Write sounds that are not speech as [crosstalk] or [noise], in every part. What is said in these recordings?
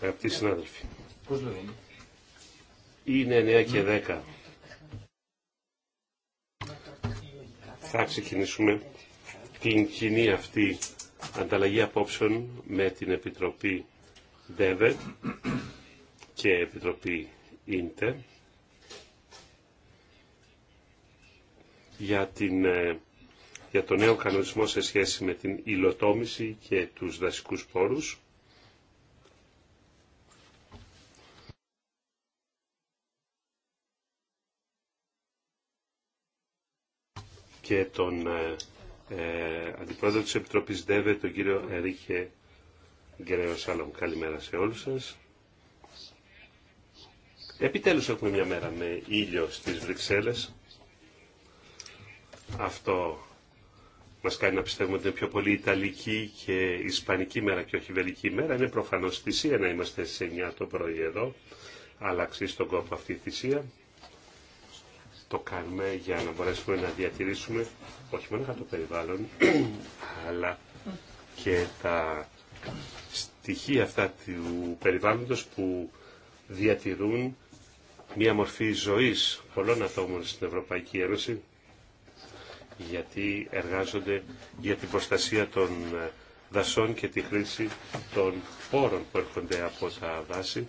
Αγαπητοί συνάδελφοι. Είναι 9 και 10. Θα ξεκινήσουμε την κοινή αυτή ανταλλαγή απόψεων με την Επιτροπή ΔΕΒΕ και Επιτροπή ΙΝΤΕ για την ε, για το νέο κανονισμό σε σχέση με την υλοτόμηση και τους δασικούς πόρους. και τον ε, ε Αντιπρόεδρο της Επιτροπής ΔΕΒΕ, τον κύριο Ερίχε Γκρέο Γκρέο-Σάλλον. Καλημέρα σε όλους σας. Επιτέλους έχουμε μια μέρα με ήλιο στις Βρυξέλλες. Αυτό μας κάνει να πιστεύουμε ότι είναι πιο πολύ Ιταλική και Ισπανική μέρα και όχι Βελική μέρα. Είναι προφανώς θυσία να είμαστε σε 9 το πρωί εδώ, αλλά αξίζει τον κόπο αυτή η θυσία. Το κάνουμε για να μπορέσουμε να διατηρήσουμε όχι μόνο το περιβάλλον, [clears throat] αλλά και τα στοιχεία αυτά του περιβάλλοντος που διατηρούν μια μορφή ζωής πολλών ατόμων στην Ευρωπαϊκή Ένωση γιατί εργάζονται για την προστασία των ε, δασών και τη χρήση των πόρων που έρχονται από τα δάση.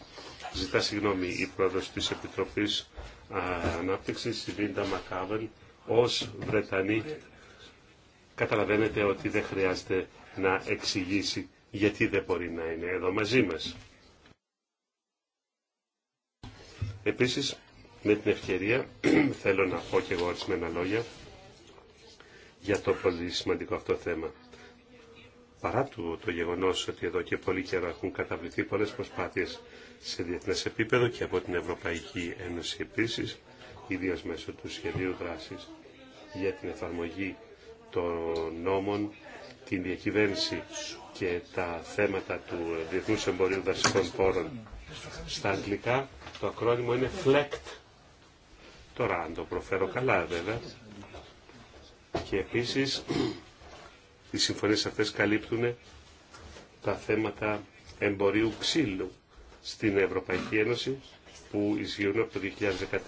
Ζητά συγγνώμη η πρόεδρος της Επιτροπής ε, Ανάπτυξης, η Βίντα Μακάβελ, ως Βρετανή καταλαβαίνετε ότι δεν χρειάζεται να εξηγήσει γιατί δεν μπορεί να είναι εδώ μαζί μας. Επίσης, με την ευκαιρία [clears throat] θέλω να πω και εγώ ορισμένα λόγια για το πολύ σημαντικό αυτό θέμα. Παρά του το γεγονός ότι εδώ και πολύ καιρό έχουν καταβληθεί πολλές προσπάθειες σε διεθνές επίπεδο και από την Ευρωπαϊκή Ένωση επίσης, ιδίω μέσω του σχεδίου δράσης για την εφαρμογή των νόμων, την διακυβέρνηση και τα θέματα του Διεθνούς Εμπορίου Δασικών Πόρων στα αγγλικά, το ακρόνιμο είναι FLECT. Τώρα, αν το προφέρω καλά, βέβαια, και επίσης. Οι συμφωνίες αυτές καλύπτουν τα θέματα εμπορίου ξύλου στην Ευρωπαϊκή Ένωση που ισχύουν από το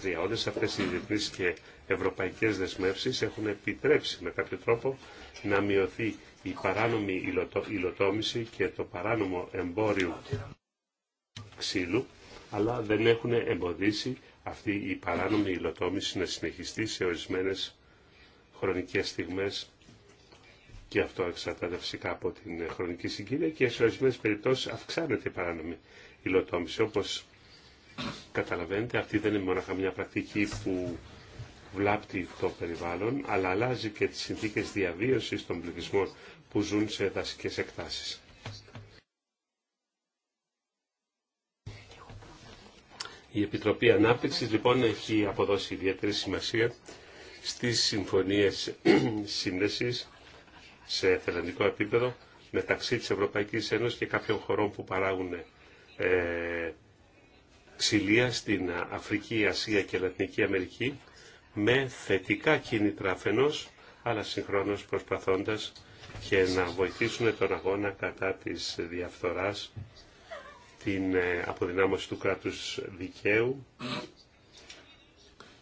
2013. Όλες αυτές οι διεθνείς και ευρωπαϊκές δεσμεύσεις έχουν επιτρέψει με κάποιο τρόπο να μειωθεί η παράνομη υλοτόμηση και το παράνομο εμπόριο ξύλου, αλλά δεν έχουν εμποδίσει αυτή η παράνομη υλοτόμηση να συνεχιστεί σε ορισμένες χρονικές στιγμές και αυτό εξαρτάται φυσικά από την χρονική συγκύρια και σε ορισμένε περιπτώσει αυξάνεται η παράνομη υλοτόμηση. Όπω καταλαβαίνετε, αυτή δεν είναι μόνο μια πρακτική που βλάπτει το περιβάλλον, αλλά αλλάζει και τις συνθήκες διαβίωσης των πληθυσμών που ζουν σε δασικές εκτάσεις. Η Επιτροπή Ανάπτυξης λοιπόν έχει αποδώσει ιδιαίτερη σημασία στις συμφωνίες [clears throat] σύνδεσης σε εθελοντικό επίπεδο μεταξύ της Ευρωπαϊκής Ένωσης και κάποιων χωρών που παράγουν ε, ξυλία στην Αφρική, Ασία και Λατινική Αμερική με θετικά κίνητρα αφενός αλλά συγχρόνως προσπαθώντας και να βοηθήσουν τον αγώνα κατά της διαφθοράς, την ε, αποδυνάμωση του κράτους δικαίου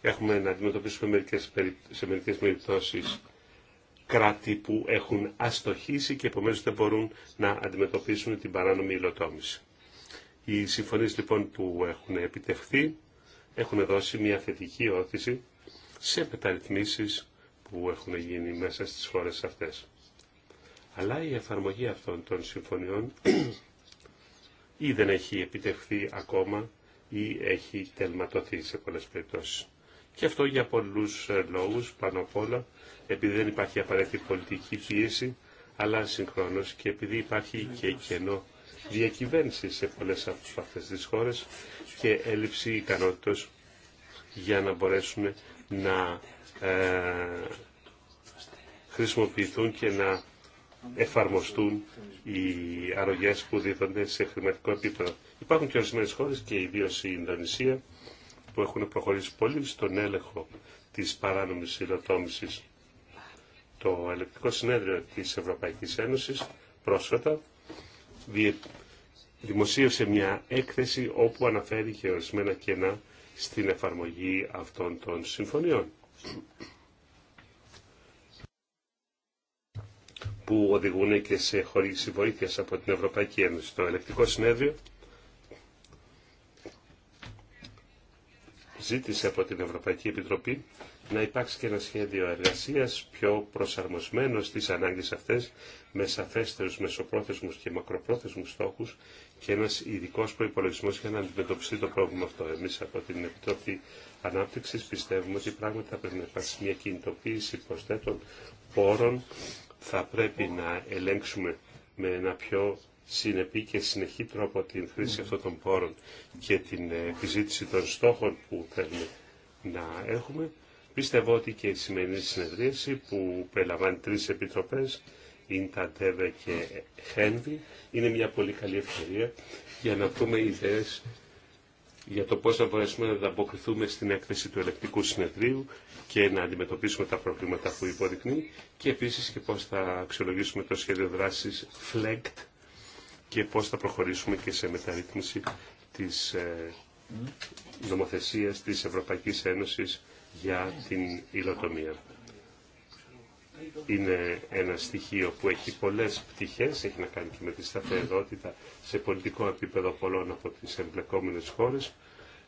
Έχουμε να αντιμετωπίσουμε μερικές, σε μερικές περιπτώσεις κράτη που έχουν αστοχήσει και επομένως δεν μπορούν να αντιμετωπίσουν την παράνομη υλοτόμηση. Οι συμφωνίες λοιπόν που έχουν επιτευχθεί έχουν δώσει μια θετική όθηση σε μεταρρυθμίσεις που έχουν γίνει μέσα στις χώρες αυτές. Αλλά η εφαρμογή αυτών των συμφωνιών ή δεν έχει επιτευχθεί ακόμα ή έχει τελματωθεί σε πολλές περιπτώσεις. Και αυτό για πολλούς ε, λόγους, πάνω απ' όλα, επειδή δεν υπάρχει απαραίτητη πολιτική πίεση, αλλά συγχρόνως και επειδή υπάρχει και κενό διακυβέρνηση σε πολλές από αυτές τις χώρες και έλλειψη ικανότητα για να μπορέσουν να ε, χρησιμοποιηθούν και να εφαρμοστούν οι αρρωγές που δίδονται σε χρηματικό επίπεδο. Υπάρχουν και ορισμένε χώρες και ιδίως η Ινδονησία που έχουν προχωρήσει πολύ στον έλεγχο της παράνομης υλοτόμησης. Το Ελεκτικό Συνέδριο της Ευρωπαϊκής Ένωσης πρόσφατα δημοσίευσε μια έκθεση όπου αναφέρει και ορισμένα κενά στην εφαρμογή αυτών των συμφωνιών που οδηγούν και σε χορήγηση βοήθειας από την Ευρωπαϊκή Ένωση. Το Ελεκτικό Συνέδριο ζήτησε από την Ευρωπαϊκή Επιτροπή να υπάρξει και ένα σχέδιο εργασίας πιο προσαρμοσμένο στις ανάγκες αυτές με σαφέστερους μεσοπρόθεσμους και μακροπρόθεσμους στόχους και ένας ειδικό προϋπολογισμός για να αντιμετωπιστεί το πρόβλημα αυτό. Εμείς από την Επιτροπή Ανάπτυξης πιστεύουμε ότι πράγματι θα πρέπει να υπάρξει μια κινητοποίηση προσθέτων πόρων, θα πρέπει να ελέγξουμε με ένα πιο συνεπή και συνεχή τρόπο την χρήση αυτών των πόρων και την ε, επιζήτηση των στόχων που θέλουμε να έχουμε. Πιστεύω ότι και η σημερινή συνεδρίαση που περιλαμβάνει τρεις επιτροπές, Ιντα, Τέβε και Χένβι, είναι μια πολύ καλή ευκαιρία για να πούμε ιδέες για το πώς θα μπορέσουμε να ανταποκριθούμε στην έκθεση του ελεκτικού συνεδρίου και να αντιμετωπίσουμε τα προβλήματα που υποδεικνύει και επίσης και πώς θα αξιολογήσουμε το σχέδιο δράσης FLEGT και πώς θα προχωρήσουμε και σε μεταρρύθμιση της ε, νομοθεσίας της Ευρωπαϊκής Ένωσης για την υλοτομία είναι ένα στοιχείο που έχει πολλές πτυχές, έχει να κάνει και με τη σταθερότητα σε πολιτικό επίπεδο πολλών από τις εμπλεκόμενες χώρες,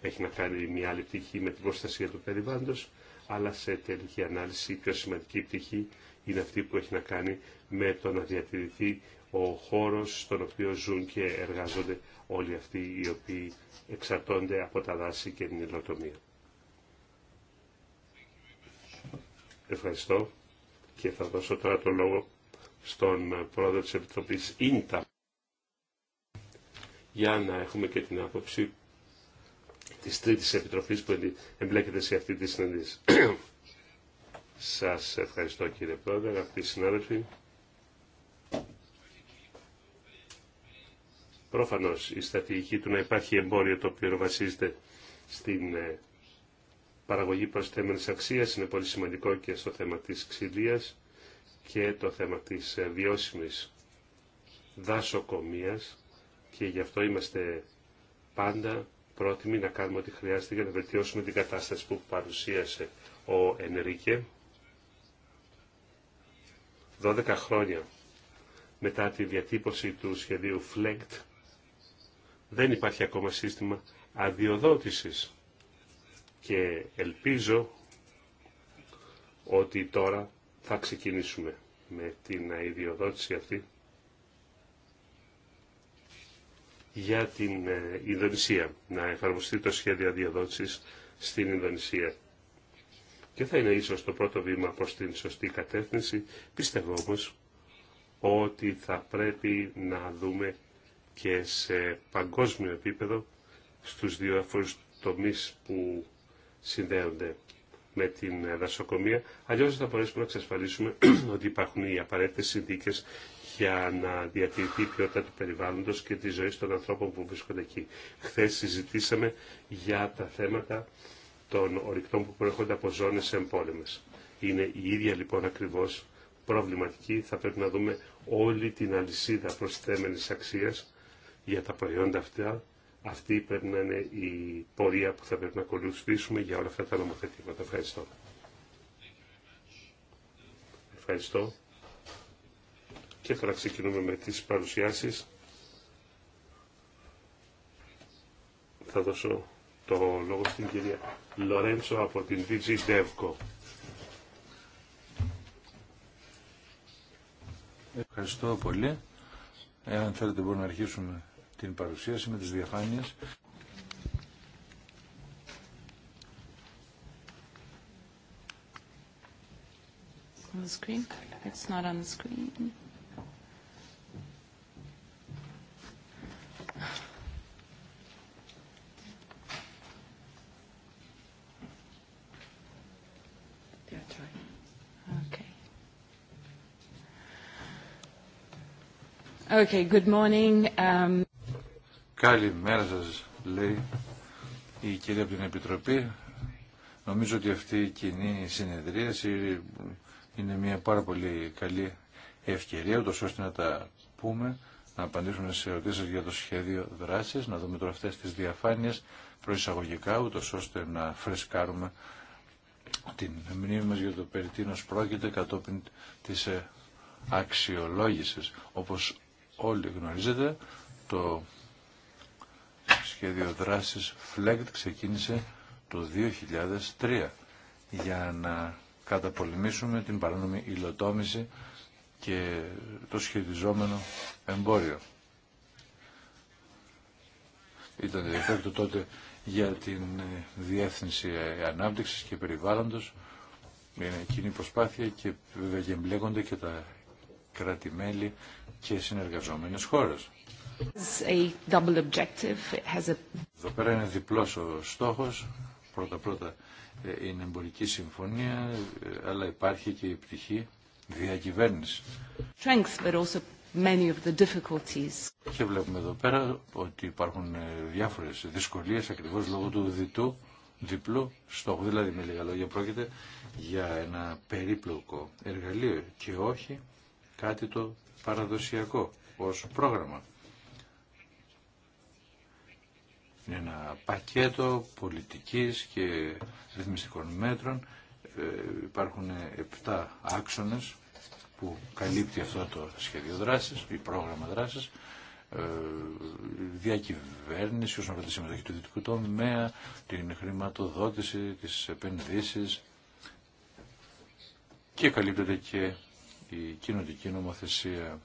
έχει να κάνει μια άλλη πτυχή με την προστασία του περιβάλλοντος, αλλά σε τελική ανάλυση η πιο σημαντική πτυχή είναι αυτή που έχει να κάνει με το να διατηρηθεί ο χώρος στον οποίο ζουν και εργάζονται όλοι αυτοί οι οποίοι εξαρτώνται από τα δάση και την υλοτομία. Ευχαριστώ και θα δώσω τώρα το λόγο στον πρόεδρο της Επιτροπής Ίντα για να έχουμε και την άποψη της τρίτης επιτροπής που εμπλέκεται σε αυτή τη συνέντευξη. [clears throat] Σας ευχαριστώ κύριε πρόεδρε, αγαπητοί συνάδελφοι. Πρόφανως η στρατηγική του να υπάρχει εμπόριο το οποίο βασίζεται στην ε, παραγωγή προσθέμενης αξίας είναι πολύ σημαντικό και στο θέμα της ξυλίας και το θέμα της ε, βιώσιμης δασοκομείας και γι' αυτό είμαστε πάντα πρότιμοι να κάνουμε ό,τι χρειάζεται για να βελτιώσουμε την κατάσταση που παρουσίασε ο Ενρίκε. 12 χρόνια μετά τη διατύπωση του σχεδίου FLECT δεν υπάρχει ακόμα σύστημα αδειοδότησης και ελπίζω ότι τώρα θα ξεκινήσουμε με την ιδιοδότηση αυτή για την ε, Ινδονησία, να εφαρμοστεί το σχέδιο αδειοδότησης στην Ινδονησία. Και θα είναι ίσως το πρώτο βήμα προς την σωστή κατεύθυνση. Πιστεύω όμως ότι θα πρέπει να δούμε και σε παγκόσμιο επίπεδο στους δύο τομείς που συνδέονται με την ε, δασοκομεία. Αλλιώς δεν θα μπορέσουμε να εξασφαλίσουμε [clears throat] ότι υπάρχουν οι απαραίτητε συνθήκε για να διατηρηθεί η ποιότητα του περιβάλλοντο και τη ζωή των ανθρώπων που βρίσκονται εκεί. Χθε συζητήσαμε για τα θέματα των ορεικτών που προέρχονται από ζώνες εμπόλεμες. Είναι η ίδια λοιπόν ακριβώ προβληματική. Θα πρέπει να δούμε όλη την αλυσίδα προσθέμενη αξία για τα προϊόντα αυτά αυτή πρέπει να είναι η πορεία που θα πρέπει να ακολουθήσουμε για όλα αυτά τα νομοθετήματα. Ευχαριστώ. Ευχαριστώ. Και τώρα ξεκινούμε με τις παρουσιάσεις. Θα δώσω το λόγο στην κυρία Λορέντσο από την DG DevCo. Ευχαριστώ πολύ. Εάν θέλετε μπορούμε να αρχίσουμε την παρουσίαση με τις διαφάνειες. On the screen? It's not on the screen. Okay, good morning. Um Καλημέρα σας, λέει η κυρία από την Επιτροπή. Νομίζω ότι αυτή η κοινή συνεδρίαση είναι μια πάρα πολύ καλή ευκαιρία, ούτως ώστε να τα πούμε, να απαντήσουμε σε ερωτήσεις για το σχέδιο δράσης, να δούμε τώρα αυτές τις διαφάνειες προεισαγωγικά, ούτως ώστε να φρεσκάρουμε την μνήμη μας για το περί τίνος πρόκειται κατόπιν της ε, αξιολόγησης. Όπως όλοι γνωρίζετε, το σχέδιο δράσης FLEGT ξεκίνησε το 2003 για να καταπολεμήσουμε την παράνομη υλοτόμηση και το σχετιζόμενο εμπόριο. Ήταν διεφέκτο τότε για την ε, Διεύθυνση ε, Ανάπτυξης και Περιβάλλοντος. Είναι κοινή προσπάθεια και βέβαια και και τα κράτη-μέλη και συνεργαζόμενες χώρες. Εδώ πέρα είναι διπλός ο στόχος. Πρώτα-πρώτα ε, είναι εμπορική συμφωνία, ε, αλλά υπάρχει και η πτυχή διακυβέρνηση. Και βλέπουμε εδώ πέρα ότι υπάρχουν ε, διάφορες δυσκολίες ακριβώς λόγω του διτού διπλού στόχου. Δηλαδή με λίγα λόγια πρόκειται για ένα περίπλοκο εργαλείο και όχι κάτι το παραδοσιακό ως πρόγραμμα. Είναι ένα πακέτο πολιτικής και ρυθμιστικών μέτρων. Ε, υπάρχουν 7 άξονες που καλύπτει αυτό το σχέδιο δράσης ή πρόγραμμα δράσης ε, διακυβέρνηση όσον αφορά τη συμμετοχή του δυτικού τομέα, την χρηματοδότηση, τις επενδύσεις και καλύπτεται και η κοινωτική νομοθεσία.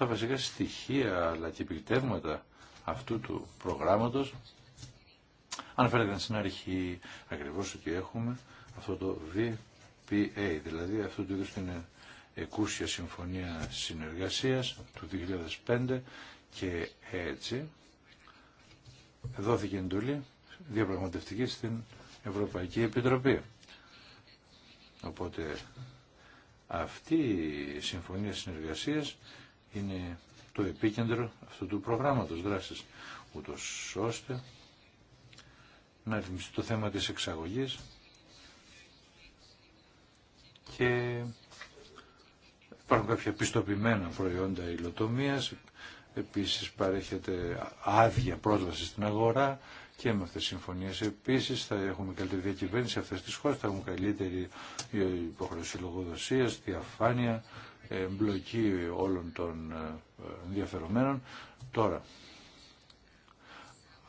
τα βασικά στοιχεία αλλά και επιτεύγματα αυτού του προγράμματος. Αναφέρεται στην αρχή ακριβώς ότι έχουμε αυτό το VPA, δηλαδή αυτού του είδους την εκούσια συμφωνία συνεργασίας του 2005 και έτσι δόθηκε εντολή διαπραγματευτική στην Ευρωπαϊκή Επιτροπή. Οπότε αυτή η συμφωνία συνεργασίας είναι το επίκεντρο αυτού του προγράμματος δράσης, ούτως ώστε να ρυθμιστεί το θέμα της εξαγωγής και υπάρχουν κάποια πιστοποιημένα προϊόντα υλοτομίας, επίσης παρέχεται άδεια πρόσβαση στην αγορά και με αυτές τις συμφωνίες επίσης θα έχουμε καλύτερη διακυβέρνηση αυτές τις χώρες, θα έχουμε καλύτερη υποχρεωσή λογοδοσίας, διαφάνεια, εμπλοκή όλων των ε, ενδιαφερομένων. Τώρα,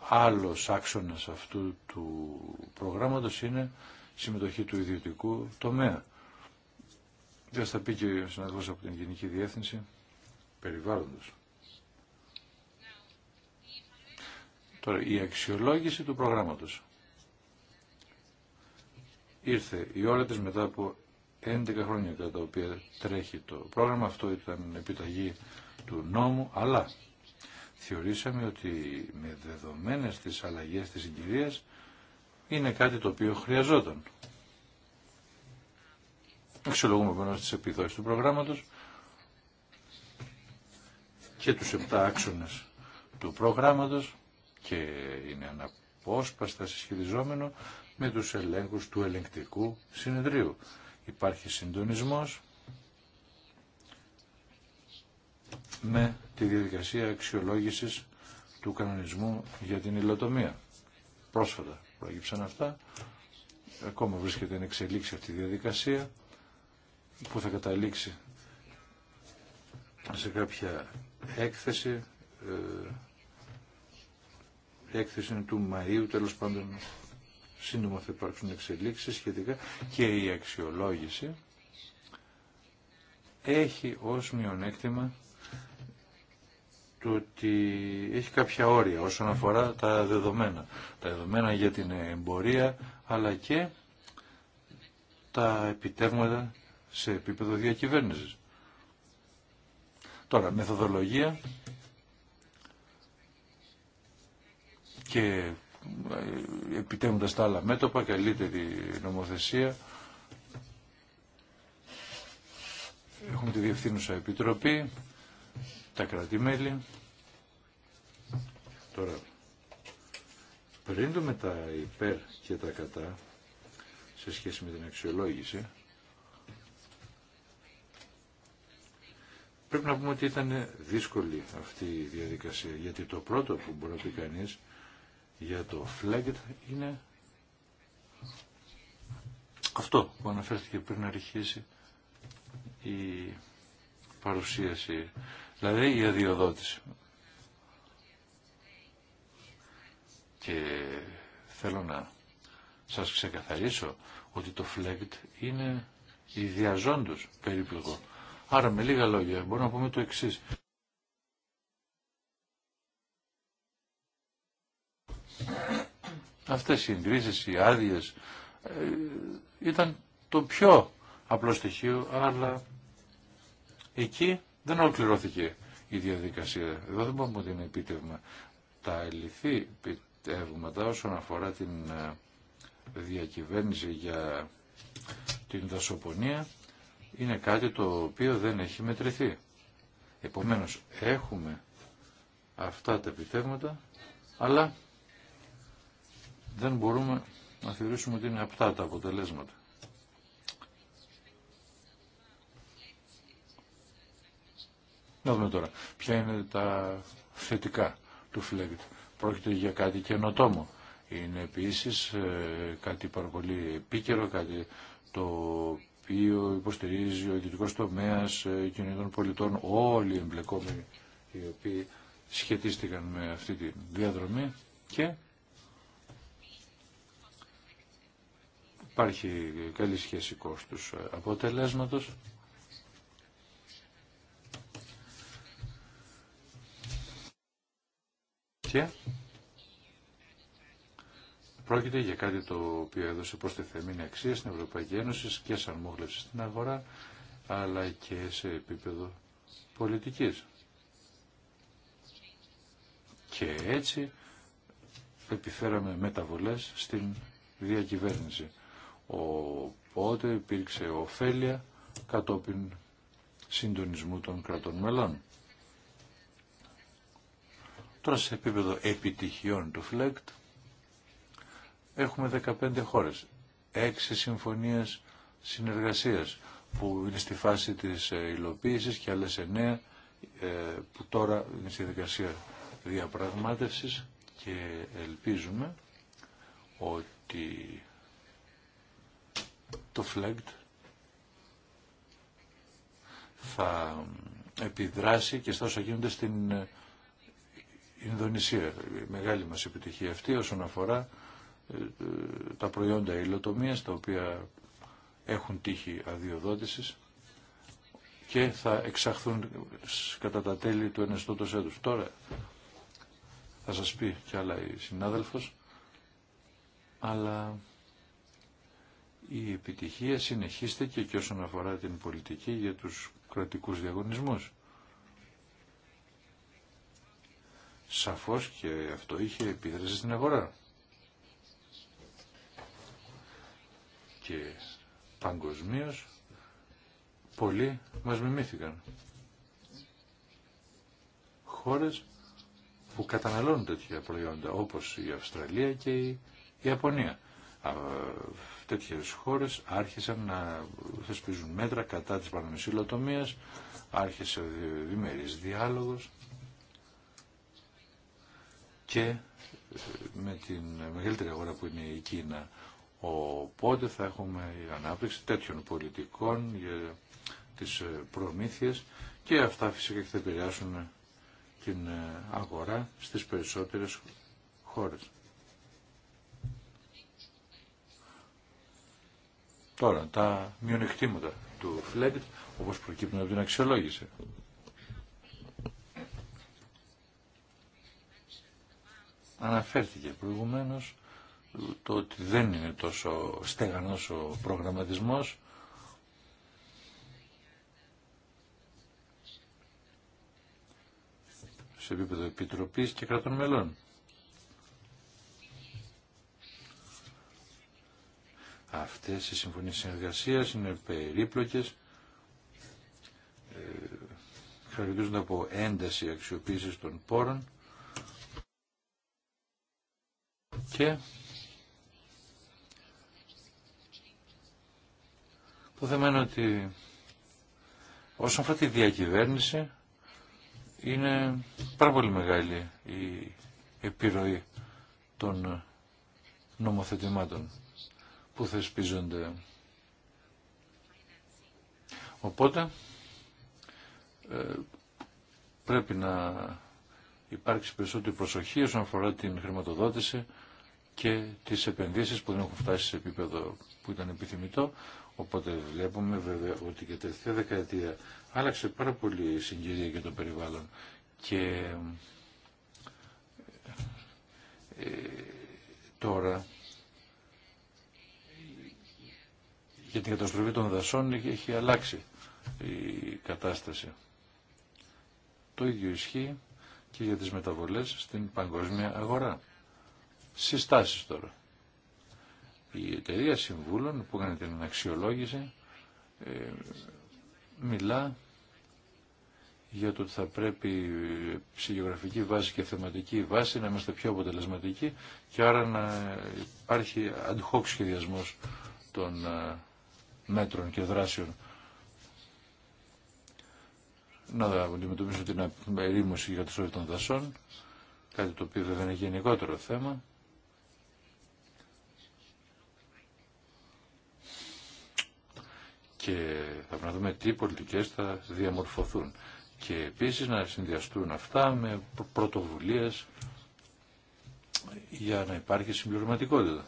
άλλος άξονας αυτού του προγράμματος είναι συμμετοχή του ιδιωτικού τομέα. Δεν θα πει και ο συναδελφός από την Γενική Διεύθυνση Περιβάλλοντος. Τώρα, η αξιολόγηση του προγράμματος. Ήρθε η ώρα της μετά από 11 χρόνια κατά τα οποία τρέχει το πρόγραμμα. Αυτό ήταν επιταγή του νόμου, αλλά θεωρήσαμε ότι με δεδομένες τις αλλαγές της συγκυρίας είναι κάτι το οποίο χρειαζόταν. Αξιολογούμε πάνω στις επιδόσεις του προγράμματος και τους 7 άξονες του προγράμματος και είναι αναπόσπαστα συσχετιζόμενο με τους ελέγχους του ελεγκτικού συνεδρίου υπάρχει συντονισμός με τη διαδικασία αξιολόγησης του κανονισμού για την υλοτομία. Πρόσφατα προέγυψαν αυτά. Ακόμα βρίσκεται να εξελίξη αυτή η διαδικασία που θα καταλήξει σε κάποια έκθεση. Ε, έκθεση του Μαΐου τέλος πάντων σύντομα θα υπάρξουν εξελίξεις σχετικά και η αξιολόγηση έχει ως μειονέκτημα το ότι έχει κάποια όρια όσον αφορά τα δεδομένα. Τα δεδομένα για την εμπορία αλλά και τα επιτεύγματα σε επίπεδο διακυβέρνησης. Τώρα, μεθοδολογία και επιτέμοντας τα άλλα μέτωπα, καλύτερη νομοθεσία. Έχουμε τη Διευθύνουσα Επιτροπή, τα κρατημέλη. Τώρα, πριν το τα υπέρ και τα κατά, σε σχέση με την αξιολόγηση, πρέπει να πούμε ότι ήταν δύσκολη αυτή η διαδικασία, γιατί το πρώτο που μπορεί να πει κανείς για το FLEGT είναι αυτό που αναφέρθηκε πριν αρχίσει η παρουσίαση, δηλαδή η αδειοδότηση. Και θέλω να σας ξεκαθαρίσω ότι το FLEGT είναι ιδιαζόντως περίπλοκο. Άρα με λίγα λόγια μπορούμε να πούμε το εξής. Αυτές οι εγκρίσεις, οι άδειε ε, ήταν το πιο απλό στοιχείο, αλλά εκεί δεν ολοκληρώθηκε η διαδικασία. Εδώ δεν μπορούμε ότι είναι επίτευγμα. Τα ελληθή επιτεύγματα όσον αφορά την ε, διακυβέρνηση για την δασοπονία είναι κάτι το οποίο δεν έχει μετρηθεί. Επομένως έχουμε αυτά τα επιτεύγματα, αλλά δεν μπορούμε να θεωρήσουμε ότι είναι απτά τα αποτελέσματα. Να δούμε τώρα. Ποια είναι τα θετικά του Φλέγκτ. Πρόκειται για κάτι καινοτόμο. Είναι επίσης ε, κάτι πάρα πολύ επίκαιρο, κάτι το οποίο υποστηρίζει ο ιδιωτικός τομέας ε, κοινωνικών πολιτών, όλοι οι εμπλεκόμενοι οι οποίοι σχετίστηκαν με αυτή τη διαδρομή και Υπάρχει καλή σχέση κόστους ε, αποτελέσματος. Και πρόκειται για κάτι το οποίο έδωσε τη προστιθεμένη αξία στην Ευρωπαϊκή Ένωση και σαν μόχλευση στην αγορά, αλλά και σε επίπεδο πολιτικής. Και έτσι επιφέραμε μεταβολές στην διακυβέρνηση. Οπότε υπήρξε ωφέλεια κατόπιν συντονισμού των κρατών μελών. Τώρα σε επίπεδο επιτυχιών του ΦΛΕΚΤ έχουμε 15 χώρες, 6 συμφωνίες συνεργασίας που είναι στη φάση της ε, υλοποίησης και άλλες 9 ε, που τώρα είναι στη δικασία διαπραγμάτευσης και ελπίζουμε ότι το FLEGT θα επιδράσει και στα όσα γίνονται στην Ινδονησία. μεγάλη μας επιτυχία αυτή όσον αφορά ε, ε, τα προϊόντα υλοτομίας τα οποία έχουν τύχη αδειοδότησης και θα εξαχθούν κατά τα τέλη του ενεστώτος έτους. Τώρα θα σας πει κι άλλα η συνάδελφος αλλά η επιτυχία συνεχίστηκε και όσον αφορά την πολιτική για τους κρατικούς διαγωνισμούς. Σαφώς και αυτό είχε επίδραση στην αγορά. Και παγκοσμίω πολλοί μας μιμήθηκαν. Χώρες που καταναλώνουν τέτοια προϊόντα όπως η Αυστραλία και η Ιαπωνία τέτοιες χώρες άρχισαν να θεσπίζουν μέτρα κατά της παρανομισύλλοτομίας, άρχισε ο διμερής διάλογος και ε, με την μεγαλύτερη αγορά που είναι η Κίνα. Οπότε θα έχουμε η ανάπτυξη τέτοιων πολιτικών για τις ε, προμήθειες και αυτά φυσικά και θα επηρεάσουν την ε, αγορά στις περισσότερες χώρες. Τώρα, τα μειονεκτήματα του Φλέκτ, όπως προκύπτουν από την αξιολόγηση. Αναφέρθηκε προηγουμένως το ότι δεν είναι τόσο στεγανός ο προγραμματισμός σε επίπεδο επιτροπής και κρατών μελών. αυτές οι συμφωνίες συνεργασίας είναι περίπλοκες, ε, χαρακτηρίζονται από ένταση αξιοποίησης των πόρων και το θέμα είναι ότι όσον αφορά τη διακυβέρνηση είναι πάρα πολύ μεγάλη η επιρροή των νομοθετημάτων που θεσπίζονται. Οπότε ε, πρέπει να υπάρξει περισσότερη προσοχή όσον αφορά την χρηματοδότηση και τις επενδύσεις που δεν έχουν φτάσει σε επίπεδο που ήταν επιθυμητό. Οπότε βλέπουμε βέβαια ότι και τελευταία δεκαετία άλλαξε πάρα πολύ η συγκυρία και το περιβάλλον και ε, τώρα για την καταστροφή των δασών έχει αλλάξει η κατάσταση. Το ίδιο ισχύει και για τις μεταβολές στην παγκόσμια αγορά. Συστάσεις τώρα. Η εταιρεία συμβούλων που έκανε την αξιολόγηση ε, μιλά για το ότι θα πρέπει ψυχογραφική βάση και θεματική βάση να είμαστε πιο αποτελεσματικοί και άρα να υπάρχει ad σχεδιασμός των ε, μέτρων και δράσεων να αντιμετωπίσουν την ερήμωση για το των δασών, κάτι το οποίο βέβαια είναι γενικότερο θέμα. Και θα πρέπει να δούμε τι πολιτικές θα διαμορφωθούν. Και επίσης να συνδυαστούν αυτά με πρωτοβουλίες για να υπάρχει συμπληρωματικότητα.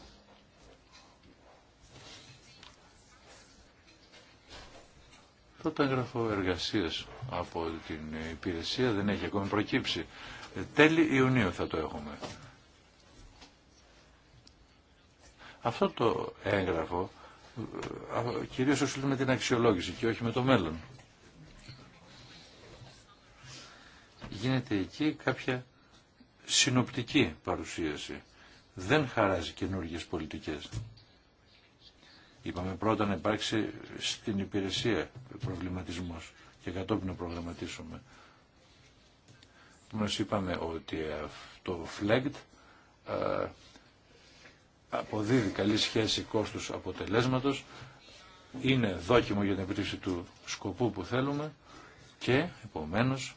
Το έγγραφο εργασία από την υπηρεσία δεν έχει ακόμη προκύψει. Ε, τέλη Ιουνίου θα το έχουμε. Αυτό το έγγραφο ε, κυρίως ασχολείται με την αξιολόγηση και όχι με το μέλλον. Γίνεται εκεί κάποια συνοπτική παρουσίαση. Δεν χαράζει καινούργιες πολιτικές. Είπαμε πρώτα να υπάρξει στην υπηρεσία προβληματισμός και κατόπιν να προγραμματίσουμε. Μας είπαμε ότι το FLEGT ε, αποδίδει καλή σχέση κόστους αποτελέσματος, είναι δόκιμο για την επίτευξη του σκοπού που θέλουμε και επομένως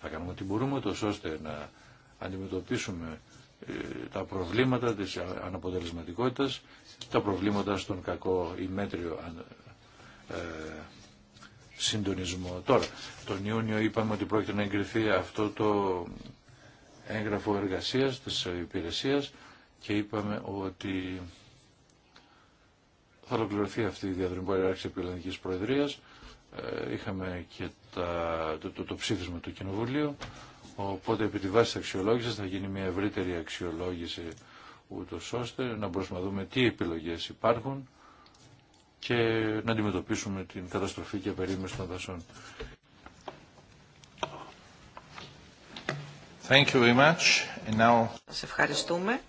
θα κάνουμε ό,τι μπορούμε τόσο ώστε να αντιμετωπίσουμε ε, τα προβλήματα της αναποτελεσματικότητας τα προβλήματα στον κακό ή μέτριο ε, συντονισμό. Τώρα, τον Ιούνιο είπαμε ότι πρόκειται να εγκριθεί αυτό το έγγραφο εργασίας της υπηρεσίας και είπαμε ότι θα ολοκληρωθεί αυτή η διαδρομή που έρχεται επί Ολλανδικής Προεδρίας. συντονισμο ε, τωρα τον ιουνιο ειπαμε οτι προκειται να εγκριθει αυτο το εγγραφο εργασιας της υπηρεσιας και ειπαμε οτι θα ολοκληρωθει αυτη η διαδρομη που ερχεται επι προεδριας ειχαμε και τα, το, το, το ψήφισμα του Κοινοβουλίου, οπότε επί τη βάση της αξιολόγησης θα γίνει μια ευρύτερη αξιολόγηση ούτω ώστε να μπορούμε να δούμε τι επιλογές υπάρχουν και να αντιμετωπίσουμε την καταστροφή και περίμεση των δασών. Thank you very much. And now... ευχαριστούμε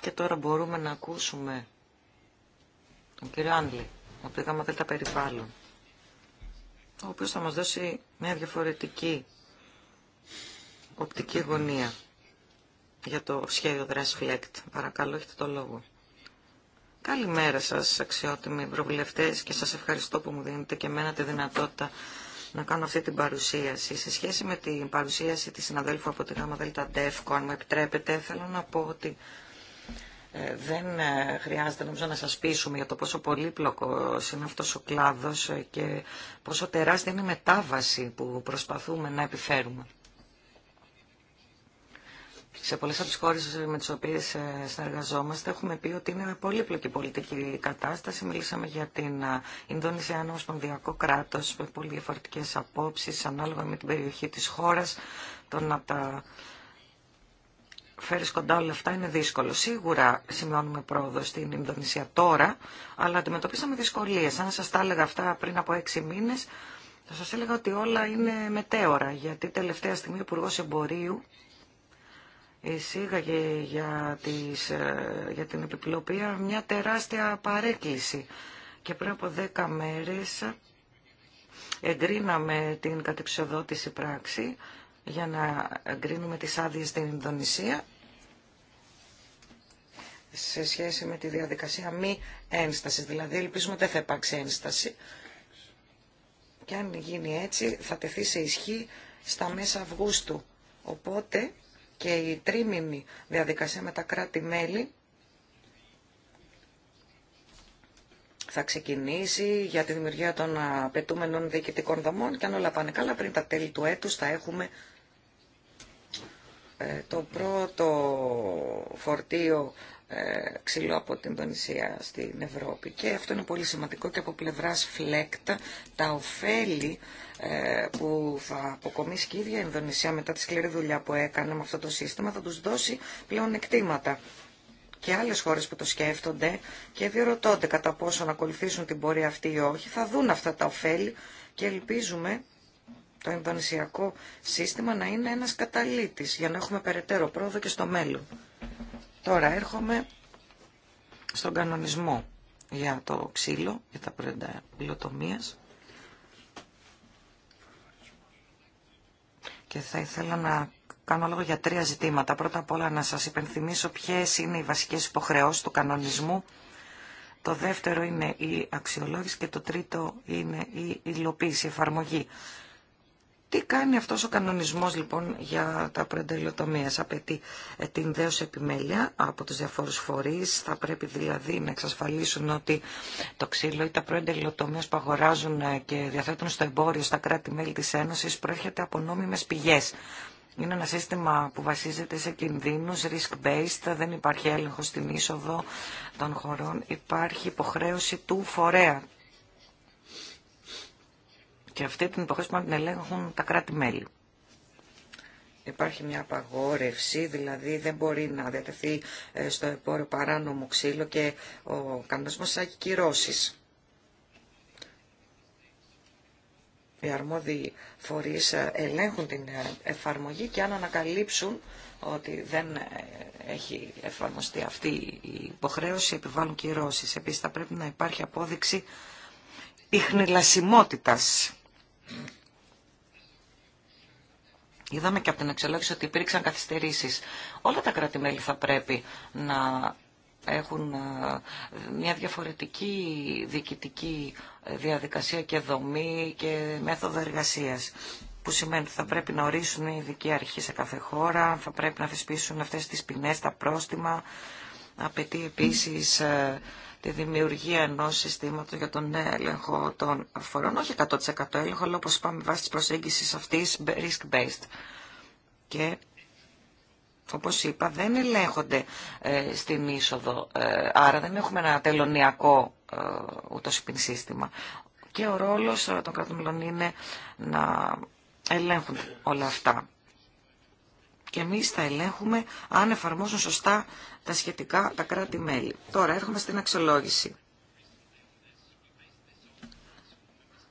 και τώρα μπορούμε να ακούσουμε τον κύριο Άντλη από τη ΓΑΜΑ Περιβάλλον ο οποίος θα μας δώσει μια διαφορετική οπτική γωνία για το σχέδιο δράση Παρακαλώ, έχετε το λόγο. Καλημέρα σας, αξιότιμοι προβλευτές και σας ευχαριστώ που μου δίνετε και εμένα τη δυνατότητα να κάνω αυτή την παρουσίαση. Σε σχέση με την παρουσίαση της συναδέλφου από τη ΓΑΜΑ ΔΕΛΤΑ ΤΕΦΚΟ, αν μου επιτρέπετε, θέλω να πω ότι ε, δεν ε, χρειάζεται νομίζω να σας πείσουμε για το πόσο πολύπλοκο είναι αυτός ο κλάδος ε, και πόσο τεράστια είναι η μετάβαση που προσπαθούμε να επιφέρουμε σε πολλές από τις χώρες με τις οποίες ε, συνεργαζόμαστε έχουμε πει ότι είναι πολύπλοκη πολιτική κατάσταση. Μιλήσαμε για την ε, Ινδονησία, ένα ομοσπονδιακό κράτος με πολύ διαφορετικές απόψεις ανάλογα με την περιοχή της χώρας. Το να τα φέρεις κοντά όλα αυτά είναι δύσκολο. Σίγουρα σημειώνουμε πρόοδο στην Ινδονησία τώρα, αλλά αντιμετωπίσαμε δυσκολίες. Αν σας τα έλεγα αυτά πριν από έξι μήνες, θα σας έλεγα ότι όλα είναι μετέωρα, γιατί τελευταία στιγμή ο Υπουργός Εμπορίου εισήγαγε για, τις, ε, για την επιπλοπία μια τεράστια παρέκκληση. Και πριν από δέκα μέρες εγκρίναμε την κατεξοδότηση πράξη για να εγκρίνουμε τις άδειες στην Ινδονησία σε σχέση με τη διαδικασία μη ένσταση, Δηλαδή ελπίζουμε δεν θα υπάρξει ένσταση. Και αν γίνει έτσι θα τεθεί σε ισχύ στα μέσα Αυγούστου. Οπότε και η τρίμηνη διαδικασία με τα κράτη-μέλη θα ξεκινήσει για τη δημιουργία των απαιτούμενων διοικητικών δομών και αν όλα πάνε καλά πριν τα τέλη του έτους θα έχουμε ε, το πρώτο φορτίο ε, ξυλό από την Τονισία στην Ευρώπη. Και αυτό είναι πολύ σημαντικό και από πλευράς φλέκτα τα ωφέλη ε, που θα αποκομίσει και η ίδια η Ινδονησία μετά τη σκληρή δουλειά που έκανε με αυτό το σύστημα θα τους δώσει πλέον εκτήματα. Και άλλες χώρες που το σκέφτονται και διερωτώνται κατά πόσο να ακολουθήσουν την πορεία αυτή ή όχι θα δουν αυτά τα ωφέλη και ελπίζουμε το Ινδονησιακό σύστημα να είναι ένας καταλήτης για να έχουμε περαιτέρω πρόοδο και στο μέλλον. Τώρα έρχομαι στον κανονισμό για το ξύλο, για τα προϊόντα υλοτομίας. και θα ήθελα να κάνω λόγο για τρία ζητήματα. Πρώτα απ' όλα να σας υπενθυμίσω ποιες είναι οι βασικές υποχρεώσεις του κανονισμού. Το δεύτερο είναι η αξιολόγηση και το τρίτο είναι η υλοποίηση, η εφαρμογή. Τι κάνει αυτός ο κανονισμός λοιπόν για τα προεντελειοτομίες. Απαιτεί ε, την δέωση επιμέλεια από τους διαφόρους φορείς. Θα πρέπει δηλαδή να εξασφαλίσουν ότι το ξύλο ή τα προεντελειοτομίες που αγοράζουν ε, και διαθέτουν στο εμπόριο στα κράτη-μέλη της Ένωσης προέρχεται από νόμιμες πηγές. Είναι ένα σύστημα που βασίζεται σε κινδύνους, risk-based, δεν υπάρχει έλεγχο στην είσοδο των χωρών. Υπάρχει υποχρέωση του φορέα, και αυτή την υποχρέωση πρέπει να την ελέγχουν τα κράτη-μέλη. Υπάρχει μια απαγόρευση, δηλαδή δεν μπορεί να διατεθεί ε, στο επόριο παράνομο ξύλο και ο κανονισμός έχει κυρώσεις. Οι αρμόδιοι φορείς ε, ελέγχουν την ε, εφαρμογή και αν ανακαλύψουν ότι δεν έχει εφαρμοστεί αυτή η υποχρέωση, επιβάλλουν κυρώσεις. Επίσης θα πρέπει να υπάρχει απόδειξη ιχνηλασιμότητας Είδαμε και από την εξελόγηση ότι υπήρξαν καθυστερήσεις. Όλα τα κράτη-μέλη θα πρέπει να έχουν ε, μια διαφορετική διοικητική ε, διαδικασία και δομή και μέθοδο εργασίας που σημαίνει ότι θα πρέπει να ορίσουν οι ειδικοί αρχή σε κάθε χώρα, θα πρέπει να θεσπίσουν αυτές τις ποινές, τα πρόστιμα. Απαιτεί επίσης ε, τη δημιουργία ενός συστήματος για τον έλεγχο των φορών, όχι 100% έλεγχο, αλλά όπως είπαμε βάσει της προσέγγισης αυτής, risk-based. Και όπως είπα, δεν ελέγχονται ε, στην είσοδο, ε, άρα δεν έχουμε ένα τελωνιακό ε, ούτως σύστημα. Και ο ρόλος ε, των κρατών είναι να ελέγχουν όλα αυτά και εμεί θα ελέγχουμε αν εφαρμόζουν σωστά τα σχετικά τα κράτη-μέλη. Τώρα έρχομαι στην αξιολόγηση.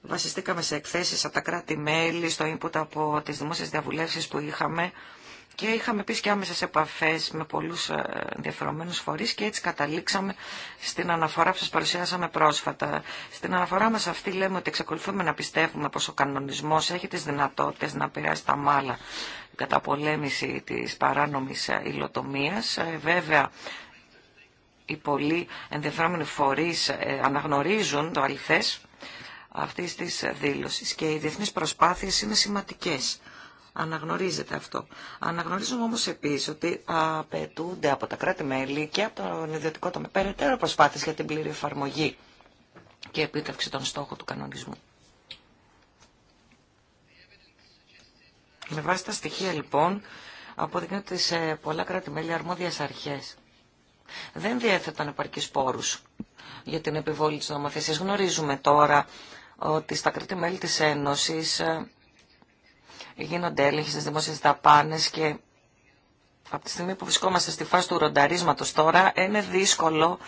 Βασιστήκαμε σε εκθέσεις από τα κράτη-μέλη, στο input από τις δημόσιες διαβουλεύσεις που είχαμε και είχαμε επίσης και άμεσες επαφές με πολλούς ε, διαφορομένους φορείς και έτσι καταλήξαμε στην αναφορά που σας παρουσιάσαμε πρόσφατα. Στην αναφορά μας αυτή λέμε ότι εξακολουθούμε να πιστεύουμε πως ο κανονισμός έχει τις δυνατότητες να επηρεάσει τα μάλα καταπολέμηση της παράνομης υλοτομίας. Ε, βέβαια, οι πολλοί ενδιαφέρομενοι φορείς ε, αναγνωρίζουν το αληθές αυτή της δήλωση και οι διεθνείς προσπάθειες είναι σημαντικές. Αναγνωρίζεται αυτό. Αναγνωρίζουμε όμως επίσης ότι απαιτούνται από τα κράτη-μέλη και από τον ιδιωτικό τομέα περαιτέρω προσπάθειες για την πλήρη εφαρμογή και επίτευξη των στόχων του κανονισμού. Με βάση τα στοιχεία λοιπόν αποδεικνύονται σε πολλά κράτη-μέλη αρμόδιες αρχές. Δεν διέθεταν επαρκείς πόρους για την επιβόλη της νομοθεσίας. Γνωρίζουμε τώρα ότι στα κράτη-μέλη της Ένωσης ε, γίνονται έλεγχοι στις δημόσιες δαπάνες και από τη στιγμή που βρισκόμαστε στη φάση του ρονταρίσματος τώρα, είναι δύσκολο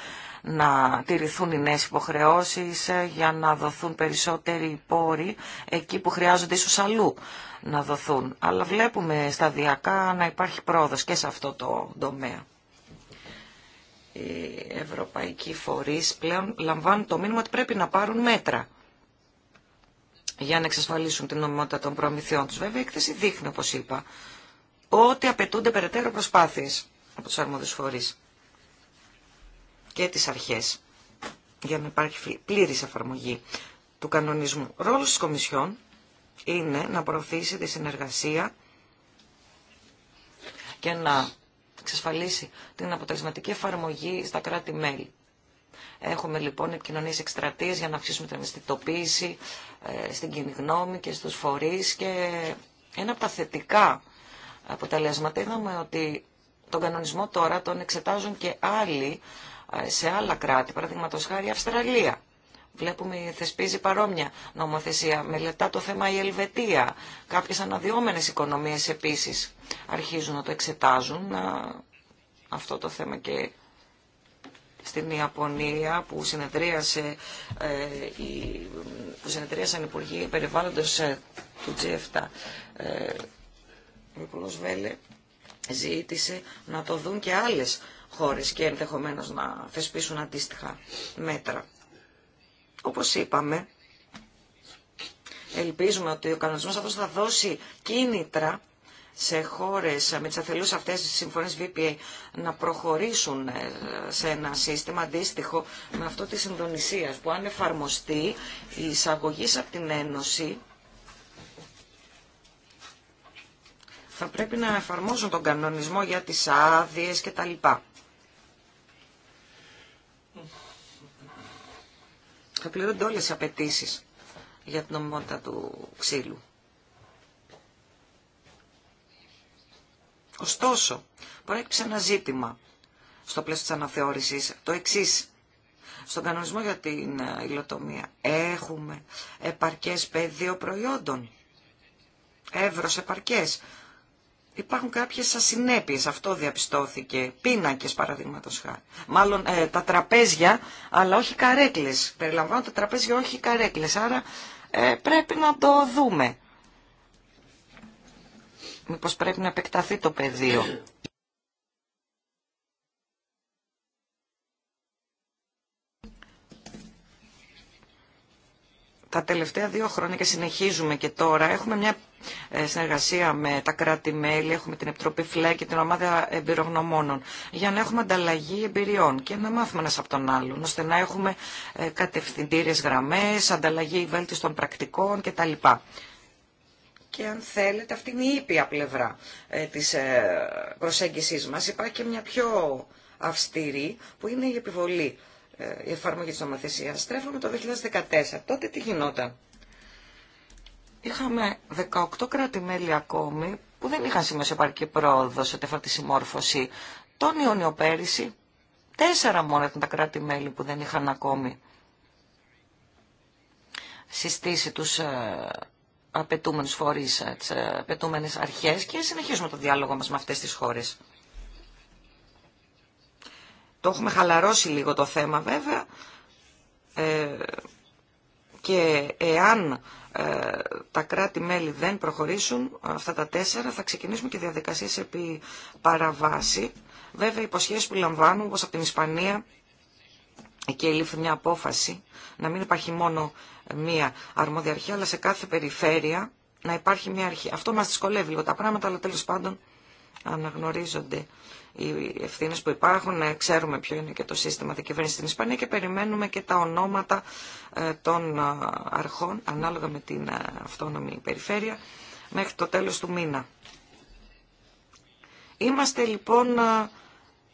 να τηρηθούν οι νέες υποχρεώσεις ε, για να δοθούν περισσότεροι πόροι εκεί που χρειάζονται ίσως αλλού να δοθούν. Αλλά βλέπουμε σταδιακά να υπάρχει πρόοδος και σε αυτό το τομέα. Οι ευρωπαϊκοί φορείς πλέον λαμβάνουν το μήνυμα ότι πρέπει να πάρουν μέτρα για να εξασφαλίσουν την νομιμότητα των προμηθειών τους. Βέβαια, η έκθεση δείχνει, όπως είπα, ότι απαιτούνται περαιτέρω προσπάθειες από τους αρμόδιους φορείς και τις αρχές για να υπάρχει πλήρης εφαρμογή του κανονισμού. Ρόλος της Κομισιόν είναι να προωθήσει τη συνεργασία και να εξασφαλίσει την αποτελεσματική εφαρμογή στα κράτη-μέλη. Έχουμε λοιπόν επικοινωνίε εκστρατείε για να αυξήσουμε την αισθητοποίηση ε, στην κοινή γνώμη και στους φορείς και ένα από τα θετικά αποτελέσματα. Είδαμε ότι τον κανονισμό τώρα τον εξετάζουν και άλλοι ε, σε άλλα κράτη, παραδείγματος χάρη Αυστραλία. Βλέπουμε θεσπίζει παρόμοια νομοθεσία. Μελετά το θέμα η Ελβετία. Κάποιες αναδυόμενες οικονομίες επίσης αρχίζουν να το εξετάζουν αυτό το θέμα και στην Ιαπωνία που, συνεδρίασε, ε, που συνεδρίασαν Υπουργοί Περιβάλλοντος ε, του G7 ο Βέλε ζήτησε να το δουν και άλλες χώρες και ενδεχομένω να θεσπίσουν αντίστοιχα μέτρα. Όπως είπαμε, ελπίζουμε ότι ο κανονισμός αυτός θα δώσει κίνητρα σε χώρες με τις αθελούς αυτές τις συμφωνίες VPA να προχωρήσουν ε, σε ένα σύστημα αντίστοιχο με αυτό της συντονισίας που αν εφαρμοστεί η εισαγωγή από την Ένωση θα πρέπει να εφαρμόζουν τον κανονισμό για τις άδειε και τα λοιπά. Θα πληρούνται όλες οι απαιτήσει για την νομιμότητα του ξύλου. Ωστόσο, προέκυψε ένα ζήτημα στο πλαίσιο της αναθεώρησης, το εξής. Στον κανονισμό για την ε, υλοτομία έχουμε επαρκές πεδίο προϊόντων εύρος επαρκές υπάρχουν κάποιες ασυνέπειες, αυτό διαπιστώθηκε, πίνακες παραδείγματο χάρη. Μάλλον ε, τα τραπέζια, αλλά όχι καρέκλες. Περιλαμβάνω, τα τραπέζια, όχι καρέκλες. Άρα ε, πρέπει να το δούμε. Μήπως πρέπει να επεκταθεί το πεδίο. Τα τελευταία δύο χρόνια και συνεχίζουμε και τώρα έχουμε μια ε, συνεργασία με τα κράτη-μέλη, έχουμε την Επιτροπή ΦΛΕ και την Ομάδα Εμπειρογνωμόνων, για να έχουμε ανταλλαγή εμπειριών και να μάθουμε ένα από τον άλλον, ώστε να έχουμε ε, κατευθυντήριε γραμμέ, ανταλλαγή βέλτιστων πρακτικών κτλ. Και αν θέλετε, αυτή είναι η ήπια πλευρά ε, της προσέγγιση μα Υπάρχει και μια πιο αυστηρή, που είναι η επιβολή η εφαρμογή της νομοθεσίας. Στρέφουμε το 2014. Τότε τι γινόταν είχαμε 18 κράτη-μέλη ακόμη που δεν είχαν σε επαρκή πρόοδο σε τέφα συμμόρφωση. Τον Ιούνιο πέρυσι, τέσσερα μόνο ήταν τα κράτη-μέλη που δεν είχαν ακόμη συστήσει τους ε, απαιτούμενους φορείς, ε, τις ε, απαιτούμενες αρχές και συνεχίζουμε το διάλογο μας με αυτές τις χώρες. Το έχουμε χαλαρώσει λίγο το θέμα βέβαια ε, και εάν ε, τα κράτη-μέλη δεν προχωρήσουν, αυτά τα τέσσερα, θα ξεκινήσουμε και διαδικασίες επί παραβάση. Βέβαια, οι υποσχέσεις που λαμβάνουν, όπως από την Ισπανία, εκεί λήφθη μια απόφαση να μην υπάρχει μόνο μία αρμόδια αρχή, αλλά σε κάθε περιφέρεια να υπάρχει μία αρχή. Αυτό μας δυσκολεύει λίγο τα πράγματα, αλλά τέλος πάντων αναγνωρίζονται οι ευθύνε που υπάρχουν, ε, ξέρουμε ποιο είναι και το σύστημα διακυβέρνηση στην Ισπανία και περιμένουμε και τα ονόματα ε, των ε, αρχών ανάλογα με την αυτόνομη περιφέρεια μέχρι το τέλος του μήνα. Είμαστε λοιπόν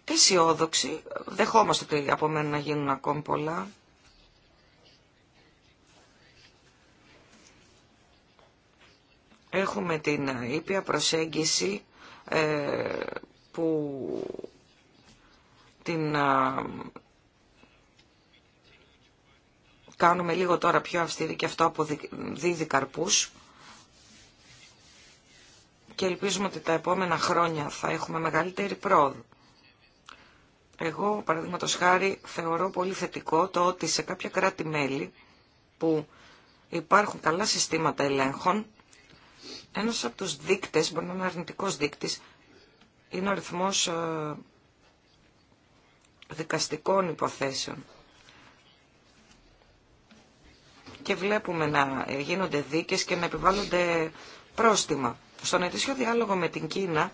αισιόδοξοι, δεχόμαστε ότι απομένουν να γίνουν ακόμη πολλά. Έχουμε την ήπια προσέγγιση που την κάνουμε λίγο τώρα πιο αυστηρή και αυτό δίδει καρπούς και ελπίζουμε ότι τα επόμενα χρόνια θα έχουμε μεγαλύτερη πρόοδο. Εγώ, παραδείγματο χάρη, θεωρώ πολύ θετικό το ότι σε κάποια κράτη-μέλη που υπάρχουν καλά συστήματα ελέγχων, ένας από τους δείκτες, μπορεί να είναι αρνητικός δείκτης, είναι ο αριθμός ε, δικαστικών υποθέσεων. Και βλέπουμε να γίνονται δίκες και να επιβάλλονται πρόστιμα. Στον ετήσιο διάλογο με την Κίνα,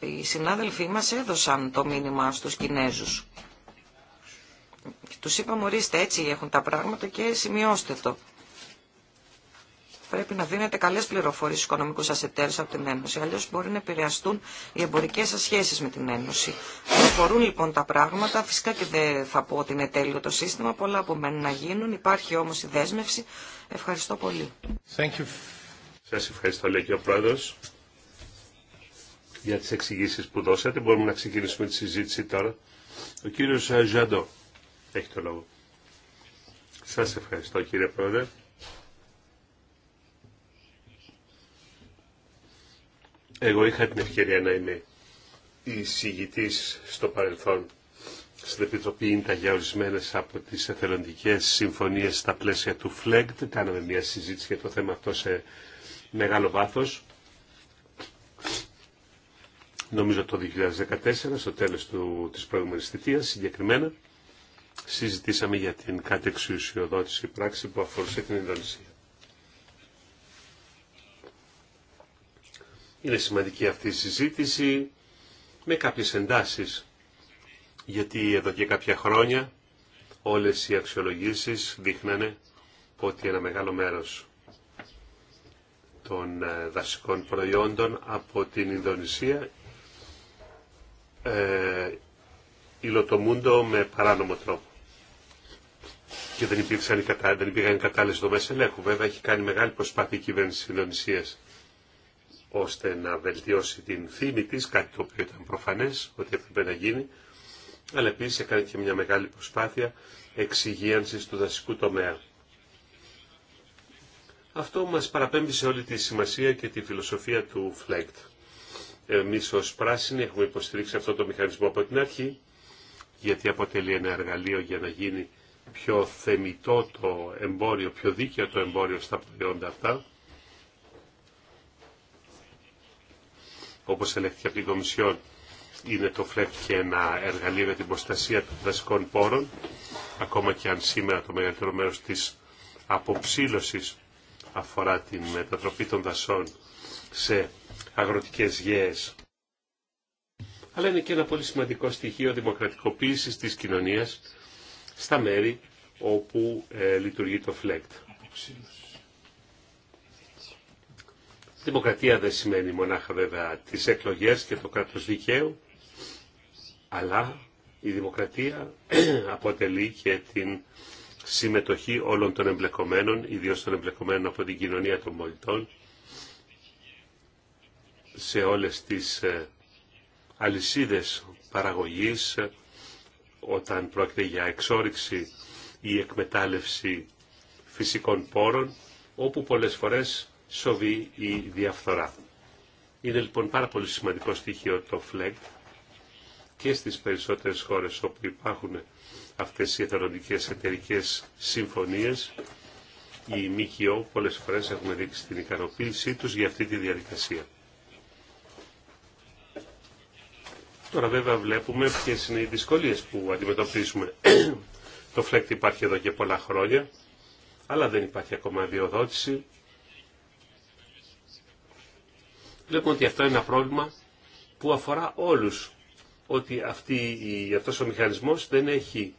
οι συνάδελφοί μας έδωσαν το μήνυμα στους Κινέζους. Τους είπαμε ορίστε έτσι έχουν τα πράγματα και σημειώστε το πρέπει να δίνετε καλέ πληροφορίε στου οικονομικού σα εταίρου από την Ένωση. Αλλιώ μπορεί να επηρεαστούν οι εμπορικέ σα σχέσει με την Ένωση. Προχωρούν λοιπόν τα πράγματα. Φυσικά και δεν θα πω ότι είναι τέλειο το σύστημα. Πολλά απομένουν να γίνουν. Υπάρχει όμω η δέσμευση. Ευχαριστώ πολύ. Thank Σα ευχαριστώ, λέει και ο πρόεδρο, για τι εξηγήσει που δώσατε. Μπορούμε να ξεκινήσουμε τη συζήτηση τώρα. Ο κύριο Ζαντό έχει το λόγο. Σας ευχαριστώ κύριε Πρόεδρε. Εγώ είχα την ευκαιρία να είμαι εισηγητή στο παρελθόν στην Επιτροπή Ίντα για ορισμένε από τι εθελοντικέ συμφωνίε στα πλαίσια του ΦΛΕΚΤ. Κάναμε μια συζήτηση για το θέμα αυτό σε μεγάλο βάθο. Νομίζω το 2014, στο τέλος τη της θητεία συγκεκριμένα, συζητήσαμε για την κατεξουσιοδότηση πράξη που αφορούσε την Ινδονησία. Είναι σημαντική αυτή η συζήτηση με κάποιες εντάσεις, γιατί εδώ και κάποια χρόνια όλες οι αξιολογήσεις δείχνανε ότι ένα μεγάλο μέρος των ε, δασικών προϊόντων από την Ινδονησία ε, υλοτομούντο με παράνομο τρόπο. Και δεν υπήρξαν δεν υπήρχαν κατάλληλε δομέ ελέγχου. Βέβαια, έχει κάνει μεγάλη προσπάθεια η κυβέρνηση της Ινδονησίας ώστε να βελτιώσει την φήμη τη κάτι το οποίο ήταν προφανές ότι έπρεπε να γίνει, αλλά επίση έκανε και μια μεγάλη προσπάθεια εξυγίανση του δασικού τομέα. Αυτό μας παραπέμπει σε όλη τη σημασία και τη φιλοσοφία του ΦΛΕΚΤ. Εμεί ω πράσινοι έχουμε υποστηρίξει αυτό το μηχανισμό από την αρχή, γιατί αποτελεί ένα εργαλείο για να γίνει πιο θεμητό το εμπόριο, πιο δίκαιο το εμπόριο στα προϊόντα αυτά. όπως ελέγχθηκε από την Κομισιόν, είναι το ΦΛΕΚ και ένα εργαλείο για την προστασία των δασικών πόρων, ακόμα και αν σήμερα το μεγαλύτερο μέρος της αποψήλωσης αφορά την μετατροπή των δασών σε αγροτικές γέες. Αλλά είναι και ένα πολύ σημαντικό στοιχείο δημοκρατικοποίησης της κοινωνίας στα μέρη όπου ε, λειτουργεί το ΦΛΕΚΤ. Δημοκρατία δεν σημαίνει μονάχα βέβαια τις εκλογές και το κράτος δικαίου, αλλά η δημοκρατία [clears throat] αποτελεί και την συμμετοχή όλων των εμπλεκομένων, ιδίως των εμπλεκομένων από την κοινωνία των πολιτών, σε όλες τις ε, αλυσίδες παραγωγής, ε, όταν πρόκειται για εξόριξη ή εκμετάλλευση φυσικών πόρων, όπου πολλές φορές σοβή η διαφθορά. Είναι λοιπόν πάρα πολύ σημαντικό στοιχείο το φλέγ και στις περισσότερες χώρες όπου υπάρχουν αυτές οι εθελοντικές εταιρικέ συμφωνίες οι ΜΚΟ πολλές φορές έχουν δείξει την ικανοποίησή τους για αυτή τη διαδικασία. Τώρα βέβαια βλέπουμε ποιες είναι οι δυσκολίες που αντιμετωπίζουμε. το Φλεκτ υπάρχει εδώ και πολλά χρόνια αλλά δεν υπάρχει ακόμα διοδότηση Βλέπουμε ότι αυτό είναι ένα πρόβλημα που αφορά όλους. Ότι αυτή, αυτός ο μηχανισμός δεν έχει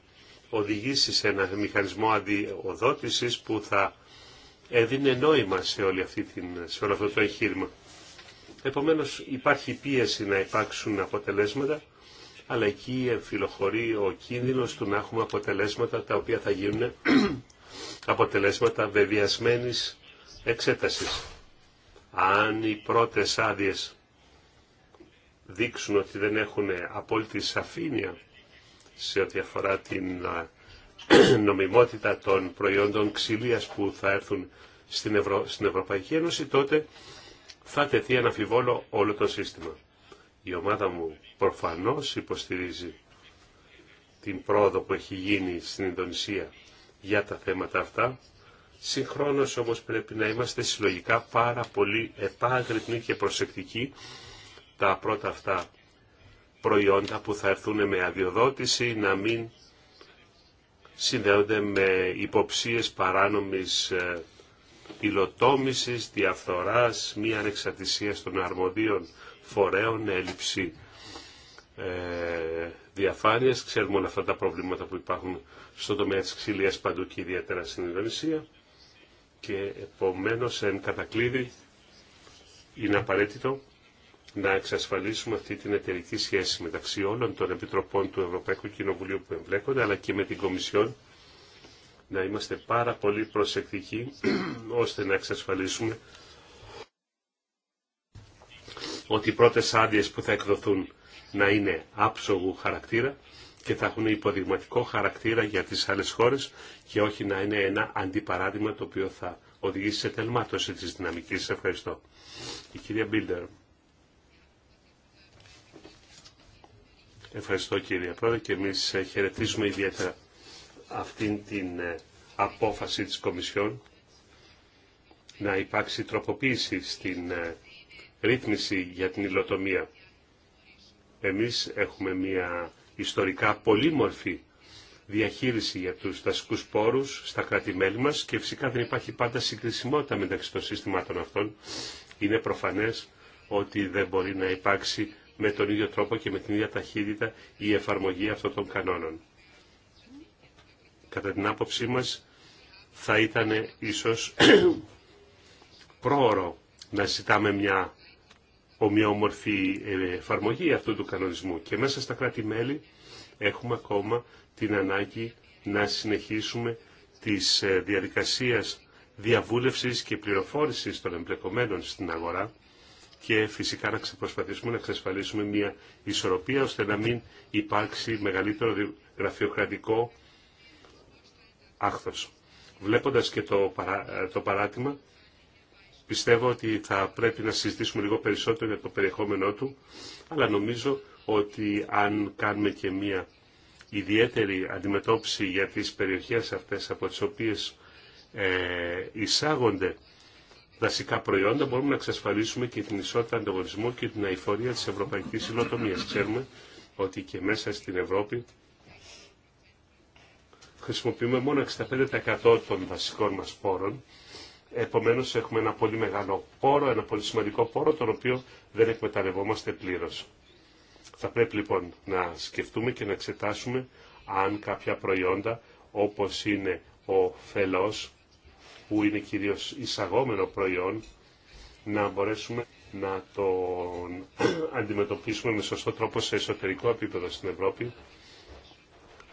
οδηγήσει σε ένα μηχανισμό αντιοδότησης που θα έδινε νόημα σε, όλη αυτή την, σε όλο αυτό το εγχείρημα. Επομένως υπάρχει πίεση να υπάρξουν αποτελέσματα, αλλά εκεί εμφυλοχωρεί ο κίνδυνος του να έχουμε αποτελέσματα τα οποία θα γίνουν [clears throat] αποτελέσματα βεβαιασμένης εξέτασης. Αν οι πρώτες άδειε δείξουν ότι δεν έχουν απόλυτη σαφήνεια σε ό,τι αφορά την [clears throat] νομιμότητα των προϊόντων ξυλίας που θα έρθουν στην, στην Ευρωπαϊκή Ένωση, τότε θα τεθεί αναφιβόλο όλο το σύστημα. Η ομάδα μου προφανώς υποστηρίζει την πρόοδο που έχει γίνει στην Ινδονησία για τα θέματα αυτά Συγχρόνως όμως πρέπει να είμαστε συλλογικά πάρα πολύ επάγρυπνοι και προσεκτικοί τα πρώτα αυτά προϊόντα που θα έρθουν με αδειοδότηση να μην συνδέονται με υποψίες παράνομης ε, υλοτόμησης, διαφθοράς, μη ανεξαρτησίας των αρμοδίων φορέων, έλλειψη ε, διαφάνειας. Ξέρουμε όλα αυτά τα προβλήματα που υπάρχουν στον τομέα της ξυλίας παντού και ιδιαίτερα στην Ινδονησία και επομένως εν κατακλείδη είναι απαραίτητο να εξασφαλίσουμε αυτή την εταιρική σχέση μεταξύ όλων των επιτροπών του Ευρωπαϊκού Κοινοβουλίου που εμπλέκονται αλλά και με την Κομισιόν να είμαστε πάρα πολύ προσεκτικοί [clears throat] ώστε να εξασφαλίσουμε ότι οι πρώτες άδειες που θα εκδοθούν να είναι άψογου χαρακτήρα και θα έχουν υποδειγματικό χαρακτήρα για τις άλλες χώρες και όχι να είναι ένα αντιπαράδειγμα το οποίο θα οδηγήσει σε τελμάτωση της δυναμικής. Ευχαριστώ. Η κυρία Μπίλτερ. Ευχαριστώ κύριε Πρόεδρε και εμείς ε, χαιρετίζουμε ιδιαίτερα αυτήν την ε, απόφαση της Κομισιόν να υπάρξει τροποποίηση στην ε, ρύθμιση για την υλοτομία. Εμείς έχουμε μία ιστορικά πολύμορφη διαχείριση για τους δασικούς πόρους στα κράτη-μέλη μας και φυσικά δεν υπάρχει πάντα συγκρισιμότητα μεταξύ των συστημάτων αυτών. Είναι προφανές ότι δεν μπορεί να υπάρξει με τον ίδιο τρόπο και με την ίδια ταχύτητα η εφαρμογή αυτών των κανόνων. Κατά την άποψή μας θα ήταν ίσως [clears throat] πρόωρο να ζητάμε μια ομοιόμορφη ε, εφαρμογή αυτού του κανονισμού. Και μέσα στα κράτη-μέλη έχουμε ακόμα την ανάγκη να συνεχίσουμε τις ε, διαδικασίες διαβούλευσης και πληροφόρησης των εμπλεκομένων στην αγορά και φυσικά να προσπαθήσουμε να εξασφαλίσουμε μια ισορροπία ώστε να μην υπάρξει μεγαλύτερο γραφειοκρατικό άχθος. Βλέποντας και το, το παράτημα, Πιστεύω ότι θα πρέπει να συζητήσουμε λίγο περισσότερο για το περιεχόμενό του, αλλά νομίζω ότι αν κάνουμε και μία ιδιαίτερη αντιμετώπιση για τις περιοχές αυτές από τις οποίες ε, εισάγονται δασικά προϊόντα, μπορούμε να εξασφαλίσουμε και την ισότητα ανταγωνισμού και την αηφορία της ευρωπαϊκής υλοτομίας. Ξέρουμε ότι και μέσα στην Ευρώπη χρησιμοποιούμε μόνο 65% των βασικών μας πόρων Επομένω, έχουμε ένα πολύ μεγάλο πόρο, ένα πολύ σημαντικό πόρο, τον οποίο δεν εκμεταλλευόμαστε πλήρως. Θα πρέπει λοιπόν να σκεφτούμε και να εξετάσουμε αν κάποια προϊόντα όπως είναι ο φελός, που είναι κυρίως εισαγόμενο προϊόν, να μπορέσουμε να τον [clears throat] αντιμετωπίσουμε με σωστό τρόπο σε εσωτερικό επίπεδο στην Ευρώπη.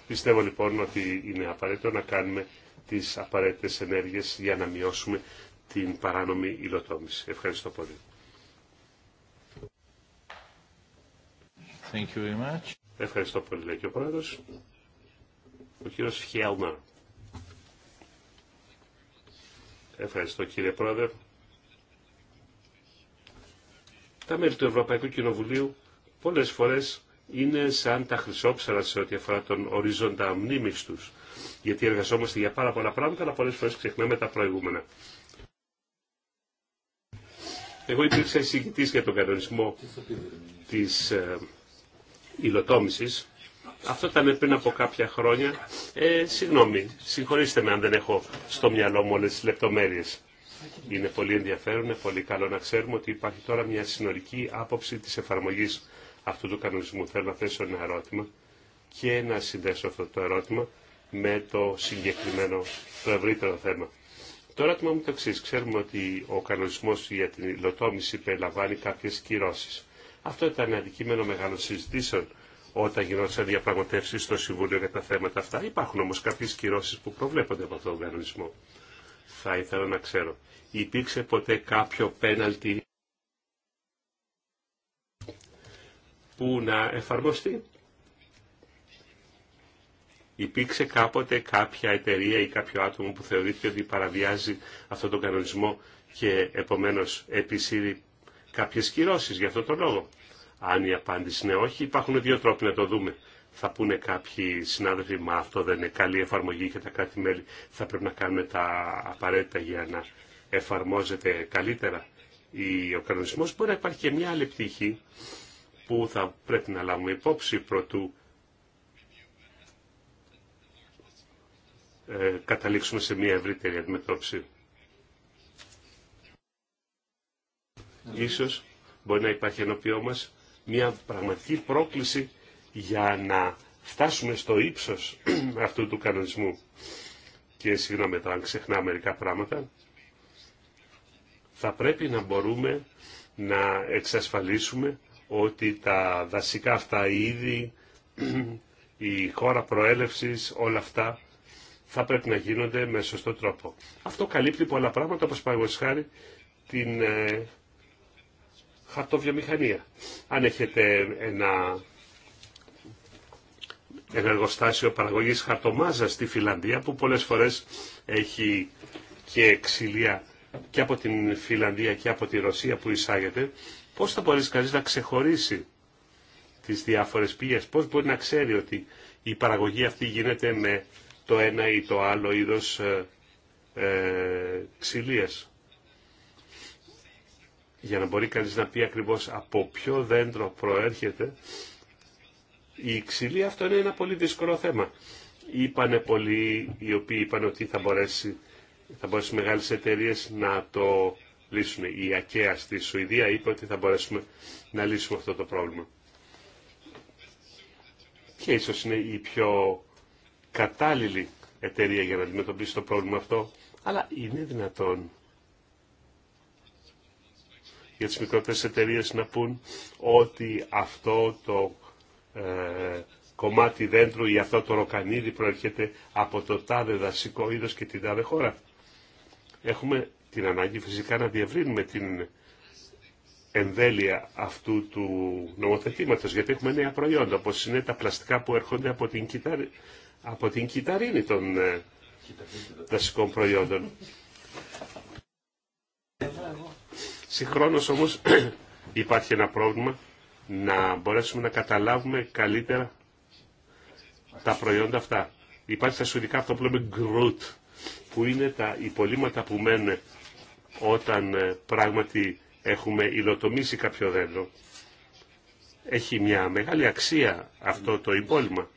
Πιστεύω λοιπόν ότι είναι απαραίτητο να κάνουμε τις απαραίτητες ενέργειες για να μειώσουμε την παράνομη υλοτόμηση. Ευχαριστώ πολύ. Thank you very much. Ευχαριστώ πολύ, λέει και ο Πρόεδρος. Ο κύριος Χιέλμαρ. Ευχαριστώ, κύριε Πρόεδρε. Τα μέλη του Ευρωπαϊκού Κοινοβουλίου πολλές φορές είναι σαν τα χρυσόψαρα σε ό,τι αφορά τον οριζόντα μνήμης τους γιατί εργαζόμαστε για πάρα πολλά πράγματα, αλλά πολλές φορές ξεχνάμε τα προηγούμενα. Εγώ υπήρξα εισηγητής για τον κανονισμό της ε, υλοτόμησης. Αυτό ήταν πριν από κάποια χρόνια. Ε, συγγνώμη, συγχωρήστε με αν δεν έχω στο μυαλό μου όλες τις λεπτομέρειες. Είναι πολύ ενδιαφέρον, είναι πολύ καλό να ξέρουμε ότι υπάρχει τώρα μια συνολική άποψη της εφαρμογής αυτού του κανονισμού. Θέλω να θέσω ένα ερώτημα και να συνδέσω αυτό το ερώτημα με το συγκεκριμένο, το ευρύτερο θέμα. Το ερώτημα μου το εξή. Ξέρουμε ότι ο κανονισμό για την υλοτόμηση περιλαμβάνει κάποιε κυρώσει. Αυτό ήταν αντικείμενο μεγάλων συζητήσεων όταν γινόταν διαπραγματεύσει στο Συμβούλιο για τα θέματα αυτά. Υπάρχουν όμω κάποιε κυρώσει που προβλέπονται από αυτόν τον κανονισμό. Θα ήθελα να ξέρω. Υπήρξε ποτέ κάποιο πέναλτι που να εφαρμοστεί Υπήρξε κάποτε κάποια εταιρεία ή κάποιο άτομο που θεωρήθηκε ότι παραβιάζει αυτόν τον κανονισμό και επομένως επισύρει κάποιες κυρώσεις για αυτόν τον λόγο. Αν η απάντηση είναι όχι, υπάρχουν δύο τρόποι να το δούμε. Θα πούνε κάποιοι συνάδελφοι, μα αυτό δεν είναι καλή εφαρμογή και τα κράτη-μέλη θα πρέπει να κάνουμε τα απαραίτητα για να εφαρμόζεται καλύτερα ο κανονισμός. Μπορεί να υπάρχει και μια άλλη πτυχή που θα πρέπει να λάβουμε υπόψη προτού Ε, καταλήξουμε σε μια ευρύτερη αντιμετώπιση. Ίσως μπορεί να υπάρχει ενώπιό μας μια πραγματική πρόκληση για να φτάσουμε στο ύψος [clears throat] αυτού του κανονισμού. Και συγγνώμη αν ξεχνά μερικά πράγματα, θα πρέπει να μπορούμε να εξασφαλίσουμε ότι τα δασικά αυτά είδη, [clears throat] η χώρα προέλευσης, όλα αυτά θα πρέπει να γίνονται με σωστό τρόπο. Αυτό καλύπτει πολλά πράγματα, όπως παραγωγής χάρη την ε, χαρτοβιομηχανία. Αν έχετε ένα, ένα εργοστάσιο παραγωγής χαρτομάζας στη Φιλανδία, που πολλές φορές έχει και ξυλία και από την Φιλανδία και από τη Ρωσία που εισάγεται, πώς θα μπορείς κανείς να ξεχωρίσει τις διάφορες πηγές, πώς μπορεί να ξέρει ότι η παραγωγή αυτή γίνεται με το ένα ή το άλλο είδος ε, ε Για να μπορεί κανείς να πει ακριβώς από ποιο δέντρο προέρχεται, η ξυλία αυτό είναι ένα πολύ δύσκολο θέμα. Είπανε πολλοί οι οποίοι είπαν ότι θα μπορέσει θα μεγάλες εταιρείε να το λύσουν. Η ΑΚΕΑ στη Σουηδία είπε ότι θα μπορέσουμε να λύσουμε αυτό το πρόβλημα. Και ίσως είναι η πιο κατάλληλη εταιρεία για να αντιμετωπίσει το πρόβλημα αυτό, αλλά είναι δυνατόν για τις μικρότερες εταιρείες να πούν ότι αυτό το ε, κομμάτι δέντρου ή αυτό το ροκανίδι προέρχεται από το τάδε δασικό είδος και την τάδε χώρα. Έχουμε την ανάγκη φυσικά να διευρύνουμε την εμβέλεια αυτού του νομοθετήματος, γιατί έχουμε νέα προϊόντα, όπως είναι τα πλαστικά που έρχονται από την, από την κυταρίνη των ε, δασικών προϊόντων. Συγχρόνως όμως [clears throat] υπάρχει ένα πρόβλημα να μπορέσουμε να καταλάβουμε καλύτερα τα προϊόντα αυτά. Υπάρχει στα σουηδικά αυτό που λέμε γκρουτ, που είναι τα υπολείμματα που μένουν όταν ε, πράγματι έχουμε υλοτομήσει κάποιο δέντρο. Έχει μια μεγάλη αξία αυτό το υπόλοιμα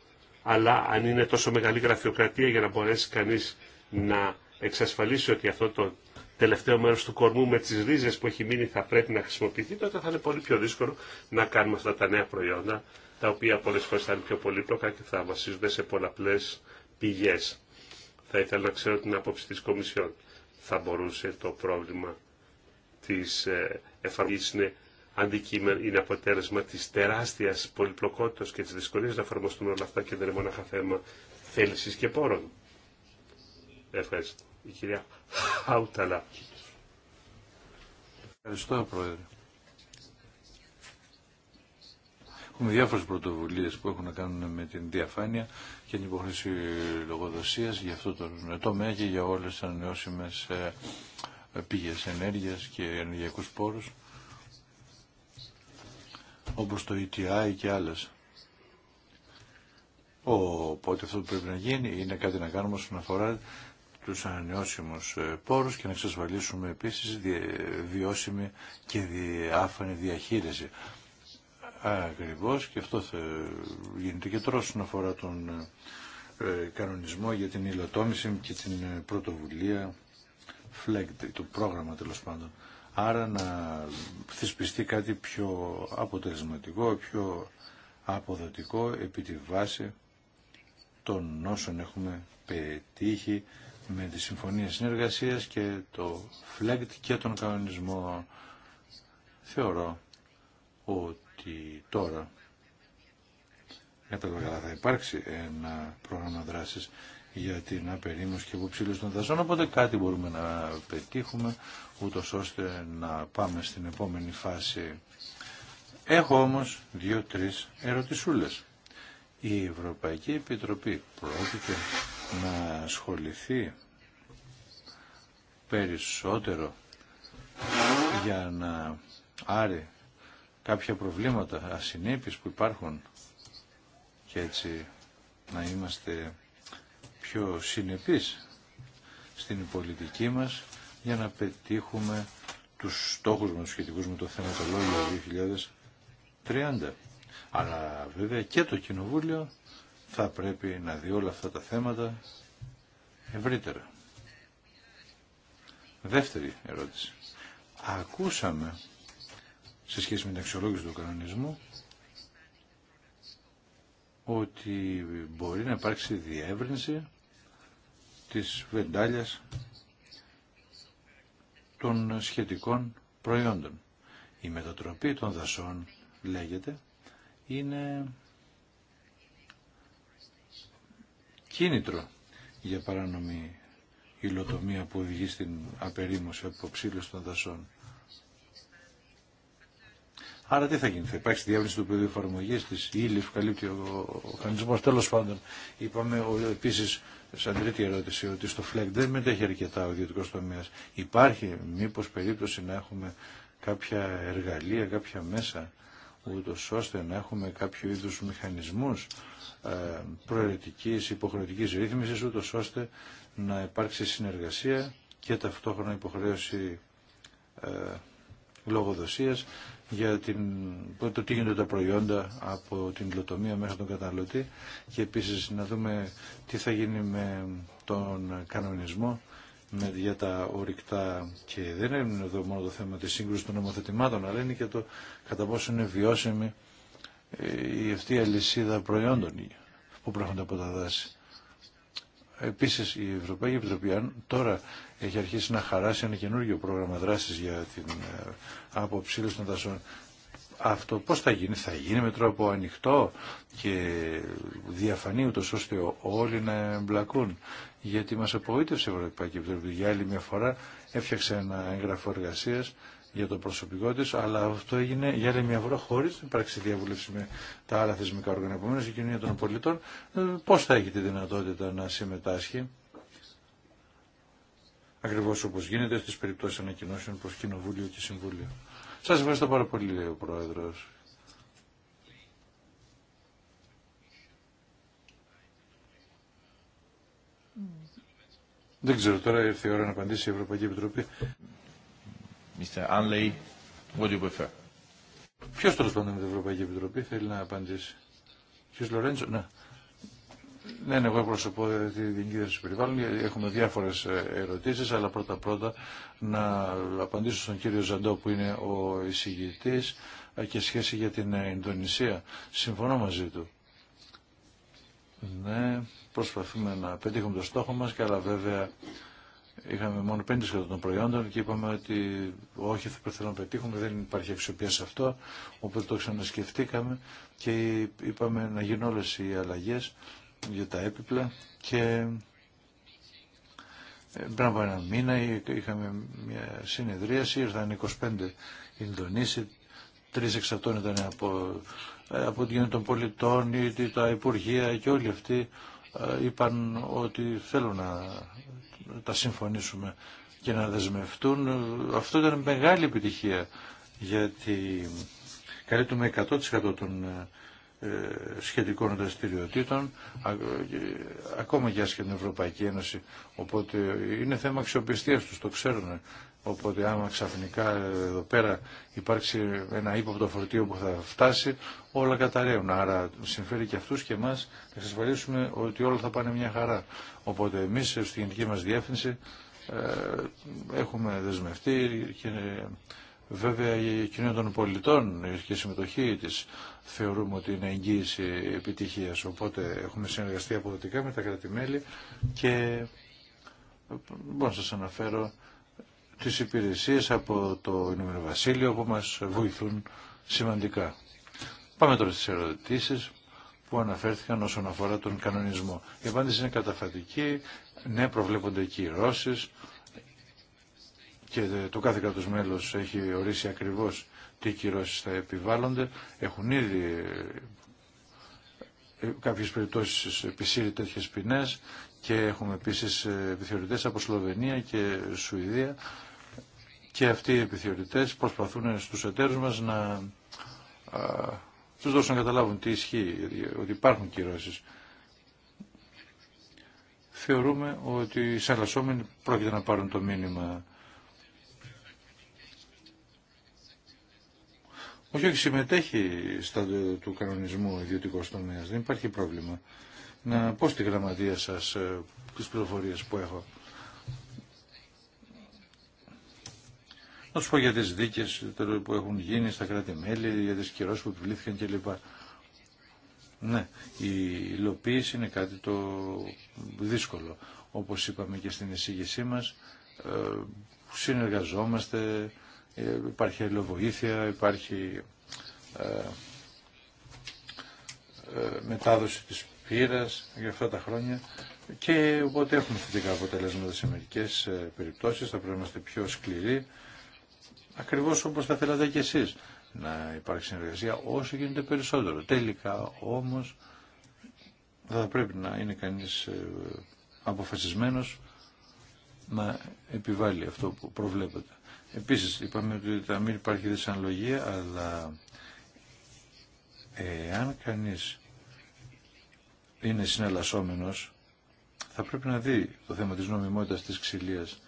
αλλά αν είναι τόσο μεγάλη γραφειοκρατία για να μπορέσει κανείς να εξασφαλίσει ότι αυτό το τελευταίο μέρος του κορμού με τις ρίζες που έχει μείνει θα πρέπει να χρησιμοποιηθεί, τότε θα είναι πολύ πιο δύσκολο να κάνουμε αυτά τα νέα προϊόντα, τα οποία πολλές φορές θα είναι πιο πολύπλοκα και θα βασίζονται σε πολλαπλές πηγές. Θα ήθελα να ξέρω την άποψη της Κομισιόν. Θα μπορούσε το πρόβλημα της ε, εφαρμογής αντικείμενο, είναι αποτέλεσμα της τεράστιας πολυπλοκότητας και της δυσκολίας να εφαρμοστούν όλα αυτά και δεν είναι μόνο θέμα θέληση και πόρων. Ευχαριστώ. Η κυρία Χάουταλα. Ευχαριστώ, Πρόεδρε. Έχουμε διάφορε πρωτοβουλίε που έχουν να κάνουν με την διαφάνεια και την υποχρέωση λογοδοσία για αυτό το τομέα και για όλε τι ανανεώσιμε ε, πηγέ ενέργεια και ενεργειακού πόρου όπως το ETI και άλλες. Οπότε αυτό που πρέπει να γίνει είναι κάτι να κάνουμε όσον αφορά τους ανανεώσιμους ε, πόρους και να εξασφαλίσουμε επίσης βιώσιμη και διάφανη διαχείριση. Ακριβώς και αυτό θα γίνεται και τώρα όσον αφορά τον ε, κανονισμό για την υλοτόμηση και την πρωτοβουλία του το πρόγραμμα τέλος πάντων. Άρα να θεσπιστεί κάτι πιο αποτελεσματικό, πιο αποδοτικό επί τη βάση των όσων έχουμε πετύχει με τη Συμφωνία Συνεργασίας και το ΦΛΕΚΤ και τον κανονισμό. Θεωρώ ότι τώρα τα καλά, θα υπάρξει ένα πρόγραμμα δράσης για την απερίμωση και υποψήλωση των δασών, οπότε κάτι μπορούμε να πετύχουμε, ούτω ώστε να πάμε στην επόμενη φάση. Έχω όμως δύο-τρεις ερωτησούλες. Η Ευρωπαϊκή Επιτροπή πρόκειται να ασχοληθεί περισσότερο για να άρει κάποια προβλήματα ασυνέπειες που υπάρχουν και έτσι να είμαστε πιο συνεπείς στην πολιτική μας για να πετύχουμε τους στόχους μας σχετικούς με το θεματολόγιο 2030. Αλλά βέβαια και το Κοινοβούλιο θα πρέπει να δει όλα αυτά τα θέματα ευρύτερα. Δεύτερη ερώτηση. Ακούσαμε σε σχέση με την αξιολόγηση του κανονισμού ότι μπορεί να υπάρξει διεύρυνση της βεντάλιας των σχετικών προϊόντων. Η μετατροπή των δασών, λέγεται, είναι κίνητρο για παράνομη υλοτομία που οδηγεί στην απερίμωση από ψήλους των δασών. Άρα τι θα γίνει, θα υπάρξει διεύρυνση του πεδίου εφαρμογή τη ύλη που καλύπτει ο οργανισμό. Τέλο πάντων, είπαμε επίση, σαν τρίτη ερώτηση, ότι στο ΦΛΕΚ δεν μετέχει αρκετά ο ιδιωτικό τομέα. Υπάρχει μήπω περίπτωση να έχουμε κάποια εργαλεία, κάποια μέσα, ούτω ώστε να έχουμε κάποιο είδου μηχανισμού ε, προαιρετική, υποχρεωτική ρύθμιση, ούτω ώστε να υπάρξει συνεργασία και ταυτόχρονα υποχρέωση ε, λογοδοσίας για την, το τι γίνονται τα προϊόντα από την υλοτομία μέχρι τον καταναλωτή και επίσης να δούμε τι θα γίνει με τον κανονισμό με, για τα ορυκτά και δεν είναι εδώ μόνο το θέμα της σύγκρουσης των νομοθετημάτων αλλά είναι και το κατά πόσο είναι βιώσιμη ε, η αυτή αλυσίδα προϊόντων που προέρχονται από τα δάση. Επίσης η Ευρωπαϊκή Επιτροπή αν τώρα έχει αρχίσει να χαράσει ένα καινούργιο πρόγραμμα δράσης για την ε, αποψήλωση των δασών. Αυτό πώς θα γίνει, θα γίνει με τρόπο ανοιχτό και διαφανή ούτως ώστε όλοι να εμπλακούν. Γιατί μας απογοήτευσε η Ευρωπαϊκή Επιτροπή για άλλη μια φορά έφτιαξε ένα έγγραφο εργασίας για το προσωπικό τη, αλλά αυτό έγινε για άλλη μια φορά χωρί, να υπάρξει διαβούλευση με τα άλλα θεσμικά όργανα. Επομένω, η κοινωνία των πολιτών ε, Πώ θα έχει τη δυνατότητα να συμμετάσχει. ακριβώ όπω γίνεται στι περιπτώσει ανακοινώσεων προ Κοινοβούλιο και Συμβούλιο. Σα ευχαριστώ πάρα πολύ, λέει ο Πρόεδρος. Δεν ξέρω, τώρα ήρθε η ώρα να απαντήσει η Ευρωπαϊκή Επιτροπή. Mr. Anley, what do you prefer? Ποιο τέλο πάντων με την Ευρωπαϊκή Επιτροπή θέλει να απαντήσει. Ποιο Λορέντζο, ναι. Ναι, ναι, εγώ προσωπώ τη του περιβαλλον Περιβάλλον. Έχουμε διάφορε ερωτήσει, αλλά πρώτα-πρώτα να απαντήσω στον κύριο Ζαντό που είναι ο εισηγητή ε, και σχέση για την ε, Ινδονησία. Συμφωνώ μαζί του. Ναι, προσπαθούμε να πετύχουμε το στόχο μας και αλλά βέβαια είχαμε μόνο 5% των προϊόντων και είπαμε ότι όχι θα θέλουμε να πετύχουμε, δεν υπάρχει αξιοπία σε αυτό, οπότε το ξανασκεφτήκαμε και είπαμε να γίνουν όλες οι αλλαγές για τα έπιπλα και ε, πριν από ένα μήνα είχαμε μια συνεδρίαση, ήρθαν 25 Ινδονήσοι, τρεις εξατών ήταν από, ε, από την των πολιτών ή τα Υπουργεία και όλοι αυτοί ε, είπαν ότι θέλουν να τα συμφωνήσουμε και να δεσμευτούν. Αυτό ήταν μεγάλη επιτυχία γιατί καλύπτουμε 100% των ε, σχετικών δραστηριοτήτων ακόμα και άσχετη Ευρωπαϊκή Ένωση. Οπότε είναι θέμα αξιοπιστίας τους, το ξέρουν. Οπότε άμα ξαφνικά εδώ πέρα υπάρξει ένα ύποπτο φορτίο που θα φτάσει, όλα καταραίουν. Άρα συμφέρει και αυτούς και εμάς να εξασφαλίσουμε ότι όλα θα πάνε μια χαρά. Οπότε εμείς ε, στη γενική μας διεύθυνση ε, έχουμε δεσμευτεί και βέβαια η κοινωνία των πολιτών και η συμμετοχή της θεωρούμε ότι είναι εγγύηση επιτυχίας. Οπότε έχουμε συνεργαστεί αποδοτικά με τα κράτη-μέλη και ε, μπορώ να σας αναφέρω τις υπηρεσίες από το Ηνωμένο Βασίλειο που μας βοηθούν σημαντικά. Πάμε τώρα στις ερωτήσεις που αναφέρθηκαν όσον αφορά τον κανονισμό. Η απάντηση είναι καταφατική, ναι προβλέπονται κυρώσεις και το κάθε κράτος μέλος έχει ορίσει ακριβώς τι κυρώσεις θα επιβάλλονται. Έχουν ήδη ε, κάποιες περιπτώσεις επισύρει τέτοιες ποινές και έχουμε επίσης ε, επιθεωρητές από Σλοβενία και Σουηδία και αυτοί οι επιθεωρητές προσπαθούν στους εταίρους μας να α, τους δώσουν να καταλάβουν τι ισχύει, ότι υπάρχουν κυρώσεις. Θεωρούμε ότι οι σαλασσόμενοι πρόκειται να πάρουν το μήνυμα. Όχι, όχι, συμμετέχει στα του κανονισμού ιδιωτικό τομέα. Δεν υπάρχει πρόβλημα να πω στη γραμματεία σας ε, τις πληροφορίες που έχω. Να σου πω για τις δίκες που έχουν γίνει στα κράτη-μέλη, για τις κυρώσεις που επιβλήθηκαν κλπ. Ναι, η υλοποίηση είναι κάτι το δύσκολο. Όπως είπαμε και στην εισήγησή μας, ε, συνεργαζόμαστε, ε, υπάρχει αλληλοβοήθεια, υπάρχει μετάδοση της πείρα για αυτά τα χρόνια και οπότε έχουμε θετικά αποτελέσματα σε μερικέ ε, περιπτώσεις, θα πρέπει να είμαστε πιο σκληροί, ακριβώς όπως θα θέλατε κι εσείς να υπάρξει συνεργασία όσο γίνεται περισσότερο. Τελικά όμως θα πρέπει να είναι κανεί ε, αποφασισμένος να επιβάλλει αυτό που προβλέπεται. Επίση είπαμε ότι θα μην υπάρχει δυσανλογία, αλλά εάν κανείς είναι συναλλασσόμενος θα πρέπει να δει το θέμα της νομιμότητας της ξυλίας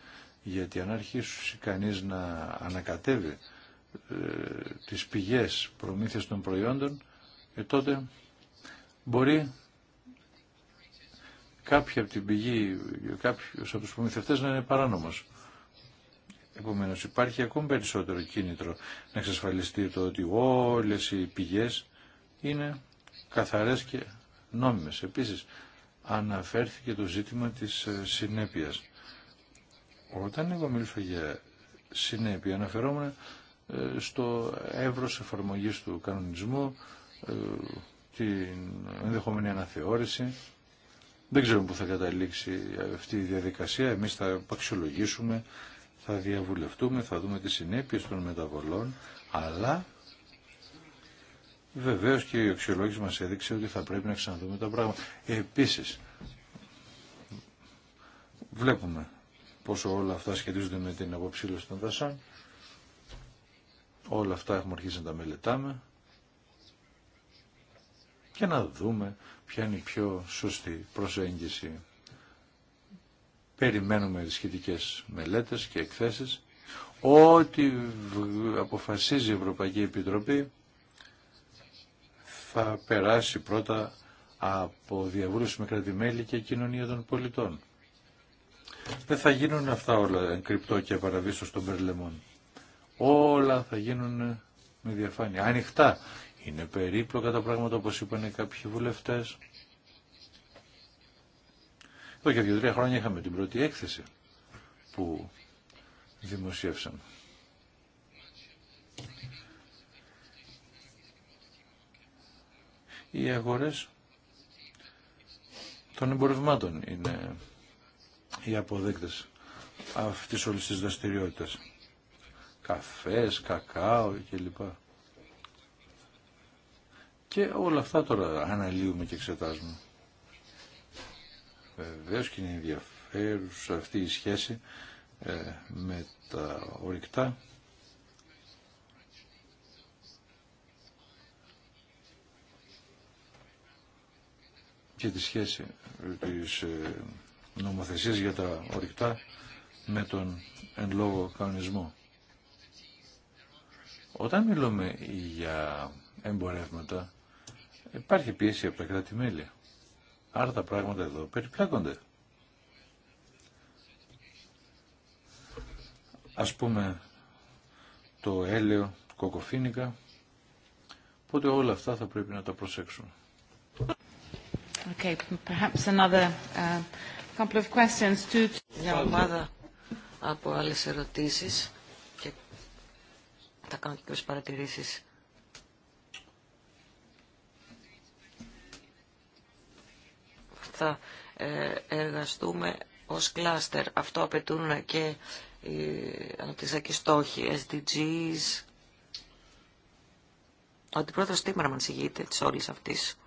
γιατί αν αρχίσει κανείς να ανακατεύει ε, τις πηγές προμήθειας των προϊόντων ε, τότε μπορεί κάποιοι από την πηγή, κάποιος από τους προμηθευτές να είναι παράνομος. Επομένως υπάρχει ακόμη περισσότερο κίνητρο να εξασφαλιστεί το ότι όλες οι πηγές είναι καθαρές και νόμιμες. Επίσης, αναφέρθηκε το ζήτημα της ε, συνέπειας. Όταν εγώ μίλησα για συνέπεια, αναφερόμουν ε, στο εύρος εφαρμογής του κανονισμού, ε, την ενδεχομένη αναθεώρηση. Δεν ξέρουμε πού θα καταλήξει αυτή η διαδικασία. Εμείς θα αξιολογήσουμε, θα διαβουλευτούμε, θα δούμε τις συνέπειες των μεταβολών, αλλά Βεβαίως και η αξιολόγηση μας έδειξε ότι θα πρέπει να ξαναδούμε τα πράγματα. Επίσης, βλέπουμε πόσο όλα αυτά σχετίζονται με την αποψήλωση των δασών. Όλα αυτά έχουμε αρχίσει να τα μελετάμε και να δούμε ποια είναι η πιο σωστή προσέγγιση. Περιμένουμε σχετικέ μελέτες και εκθέσεις. Ό,τι αποφασίζει η Ευρωπαϊκή Επιτροπή θα περάσει πρώτα από διαβούλευση με κρατημέλη και κοινωνία των πολιτών. Δεν θα γίνουν αυτά όλα κρυπτό και παραβήσω των Περλεμών. Όλα θα γίνουν με διαφάνεια. Ανοιχτά. Είναι περίπλοκα τα πράγματα όπως είπαν κάποιοι βουλευτές. Εδώ και δύο-τρία χρόνια είχαμε την πρώτη έκθεση που δημοσίευσαμε. οι αγορές των εμπορευμάτων είναι οι αποδέκτες αυτής όλης της δραστηριότητα. Καφές, κακάο και κλπ. Και όλα αυτά τώρα αναλύουμε και εξετάζουμε. Βεβαίω και είναι ενδιαφέρουσα αυτή η σχέση ε, με τα ορυκτά και τη σχέση ε, της ε, νομοθεσίας για τα ορυκτά με τον εν λόγω κανονισμό. Όταν μιλούμε για εμπορεύματα, υπάρχει πίεση από τα κράτη-μέλη. Άρα τα πράγματα εδώ περιπλέκονται. Ας πούμε το έλαιο, κοκοφίνικα, οπότε όλα αυτά θα πρέπει να τα προσέξουμε. Okay, perhaps another uh, couple of questions to... Μια ομάδα από άλλε ερωτήσει, και θα κάνω και κάποιες παρατηρήσεις. Θα ε, εργαστούμε ως κλάστερ. Αυτό απαιτούν και οι αναπτυξιακοί στόχοι, SDGs. Ο αντιπρόεδρος Τίμερμαν συγγείται της όλης αυτής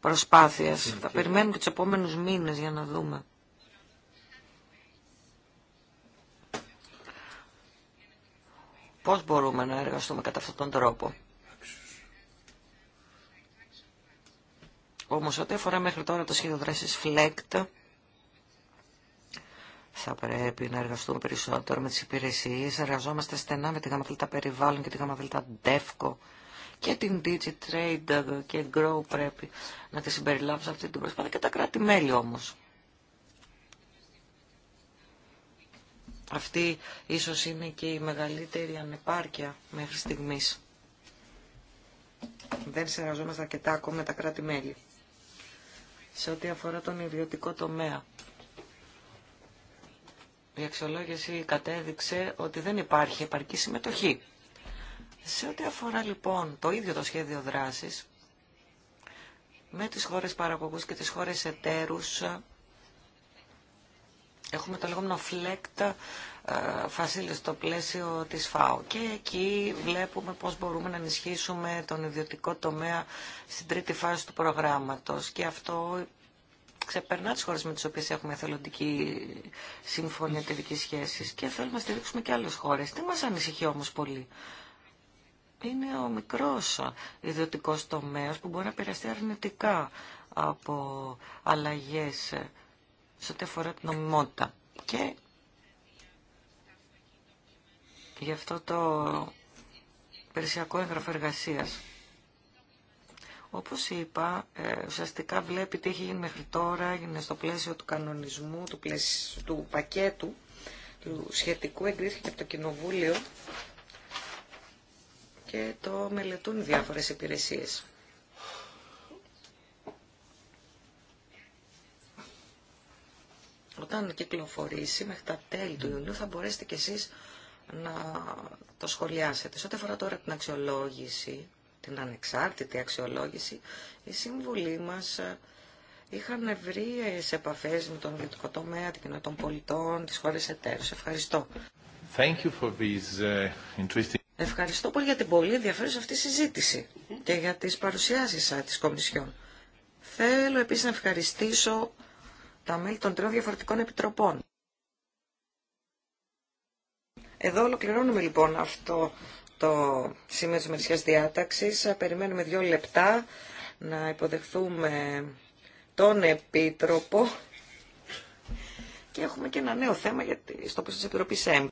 προσπάθειας. Θα περιμένουμε και τους επόμενους μήνες για να δούμε. Πώς μπορούμε να εργαστούμε κατά αυτόν τον τρόπο. Όμως ό,τι αφορά μέχρι τώρα το σχέδιο δράσης FLECT, θα πρέπει να εργαστούμε περισσότερο με τις υπηρεσίες. Εργαζόμαστε στενά με τη ΓΑΜΑΔΕΛΤΑ Περιβάλλον και τη ΓΑΜΑΔΕΛΤΑ DEFCO και την DigiTrade και Grow πρέπει να τη συμπεριλάβουν σε αυτή την προσπάθεια και τα κράτη-μέλη όμως. Αυτή ίσως είναι και η μεγαλύτερη ανεπάρκεια μέχρι στιγμής. Δεν συνεργαζόμαστε αρκετά ακόμα τα κράτη-μέλη. Σε ό,τι αφορά τον ιδιωτικό τομέα. Η αξιολόγηση κατέδειξε ότι δεν υπάρχει επαρκή συμμετοχή σε ό,τι αφορά λοιπόν το ίδιο το σχέδιο δράσης, με τις χώρες παραγωγούς και τις χώρες εταίρους, έχουμε το λεγόμενο φλέκτα ε, φασίλες στο πλαίσιο της ΦΑΟ. Και εκεί βλέπουμε πώς μπορούμε να ενισχύσουμε τον ιδιωτικό τομέα στην τρίτη φάση του προγράμματος. Και αυτό ξεπερνά τις χώρες με τις οποίες έχουμε εθελοντική συμφωνία εταιρική σχέση και θέλουμε να στηρίξουμε και άλλες χώρες. Τι μας ανησυχεί όμως πολύ είναι ο μικρός ιδιωτικός τομέας που μπορεί να επηρεαστεί αρνητικά από αλλαγές σε ό,τι αφορά την νομιμότητα. Και γι' αυτό το περισσιακό έγγραφο εργασίας. Όπως είπα, ε, ουσιαστικά βλέπει τι έχει γίνει μέχρι τώρα, έγινε στο πλαίσιο του κανονισμού, του, πλαίσιο, του πακέτου, του σχετικού εγκρίθηκε από το Κοινοβούλιο και το μελετούν διάφορες υπηρεσίες. Όταν κυκλοφορήσει μέχρι τα τέλη του Ιουνίου θα μπορέσετε κι εσείς να το σχολιάσετε. Σε ό,τι αφορά τώρα την αξιολόγηση, την ανεξάρτητη αξιολόγηση, οι σύμβουλοι μας ε, είχαν ευρείες επαφές με τον ιδιωτικό τομέα, την κοινότητα των πολιτών, τις χώρες εταίρους. Ευχαριστώ. Thank you for ε, interesting... Ευχαριστώ πολύ για την πολύ ενδιαφέρουσα αυτή συζήτηση και για τις παρουσιάσεις της Κομισιόν. Θέλω επίσης να ευχαριστήσω τα μέλη των τριών διαφορετικών επιτροπών. Εδώ ολοκληρώνουμε λοιπόν αυτό το σημείο της μερισιάς διάταξης. Περιμένουμε δύο λεπτά να υποδεχθούμε τον Επίτροπο και έχουμε και ένα νέο θέμα στο πλαίσιο της Επιτροπής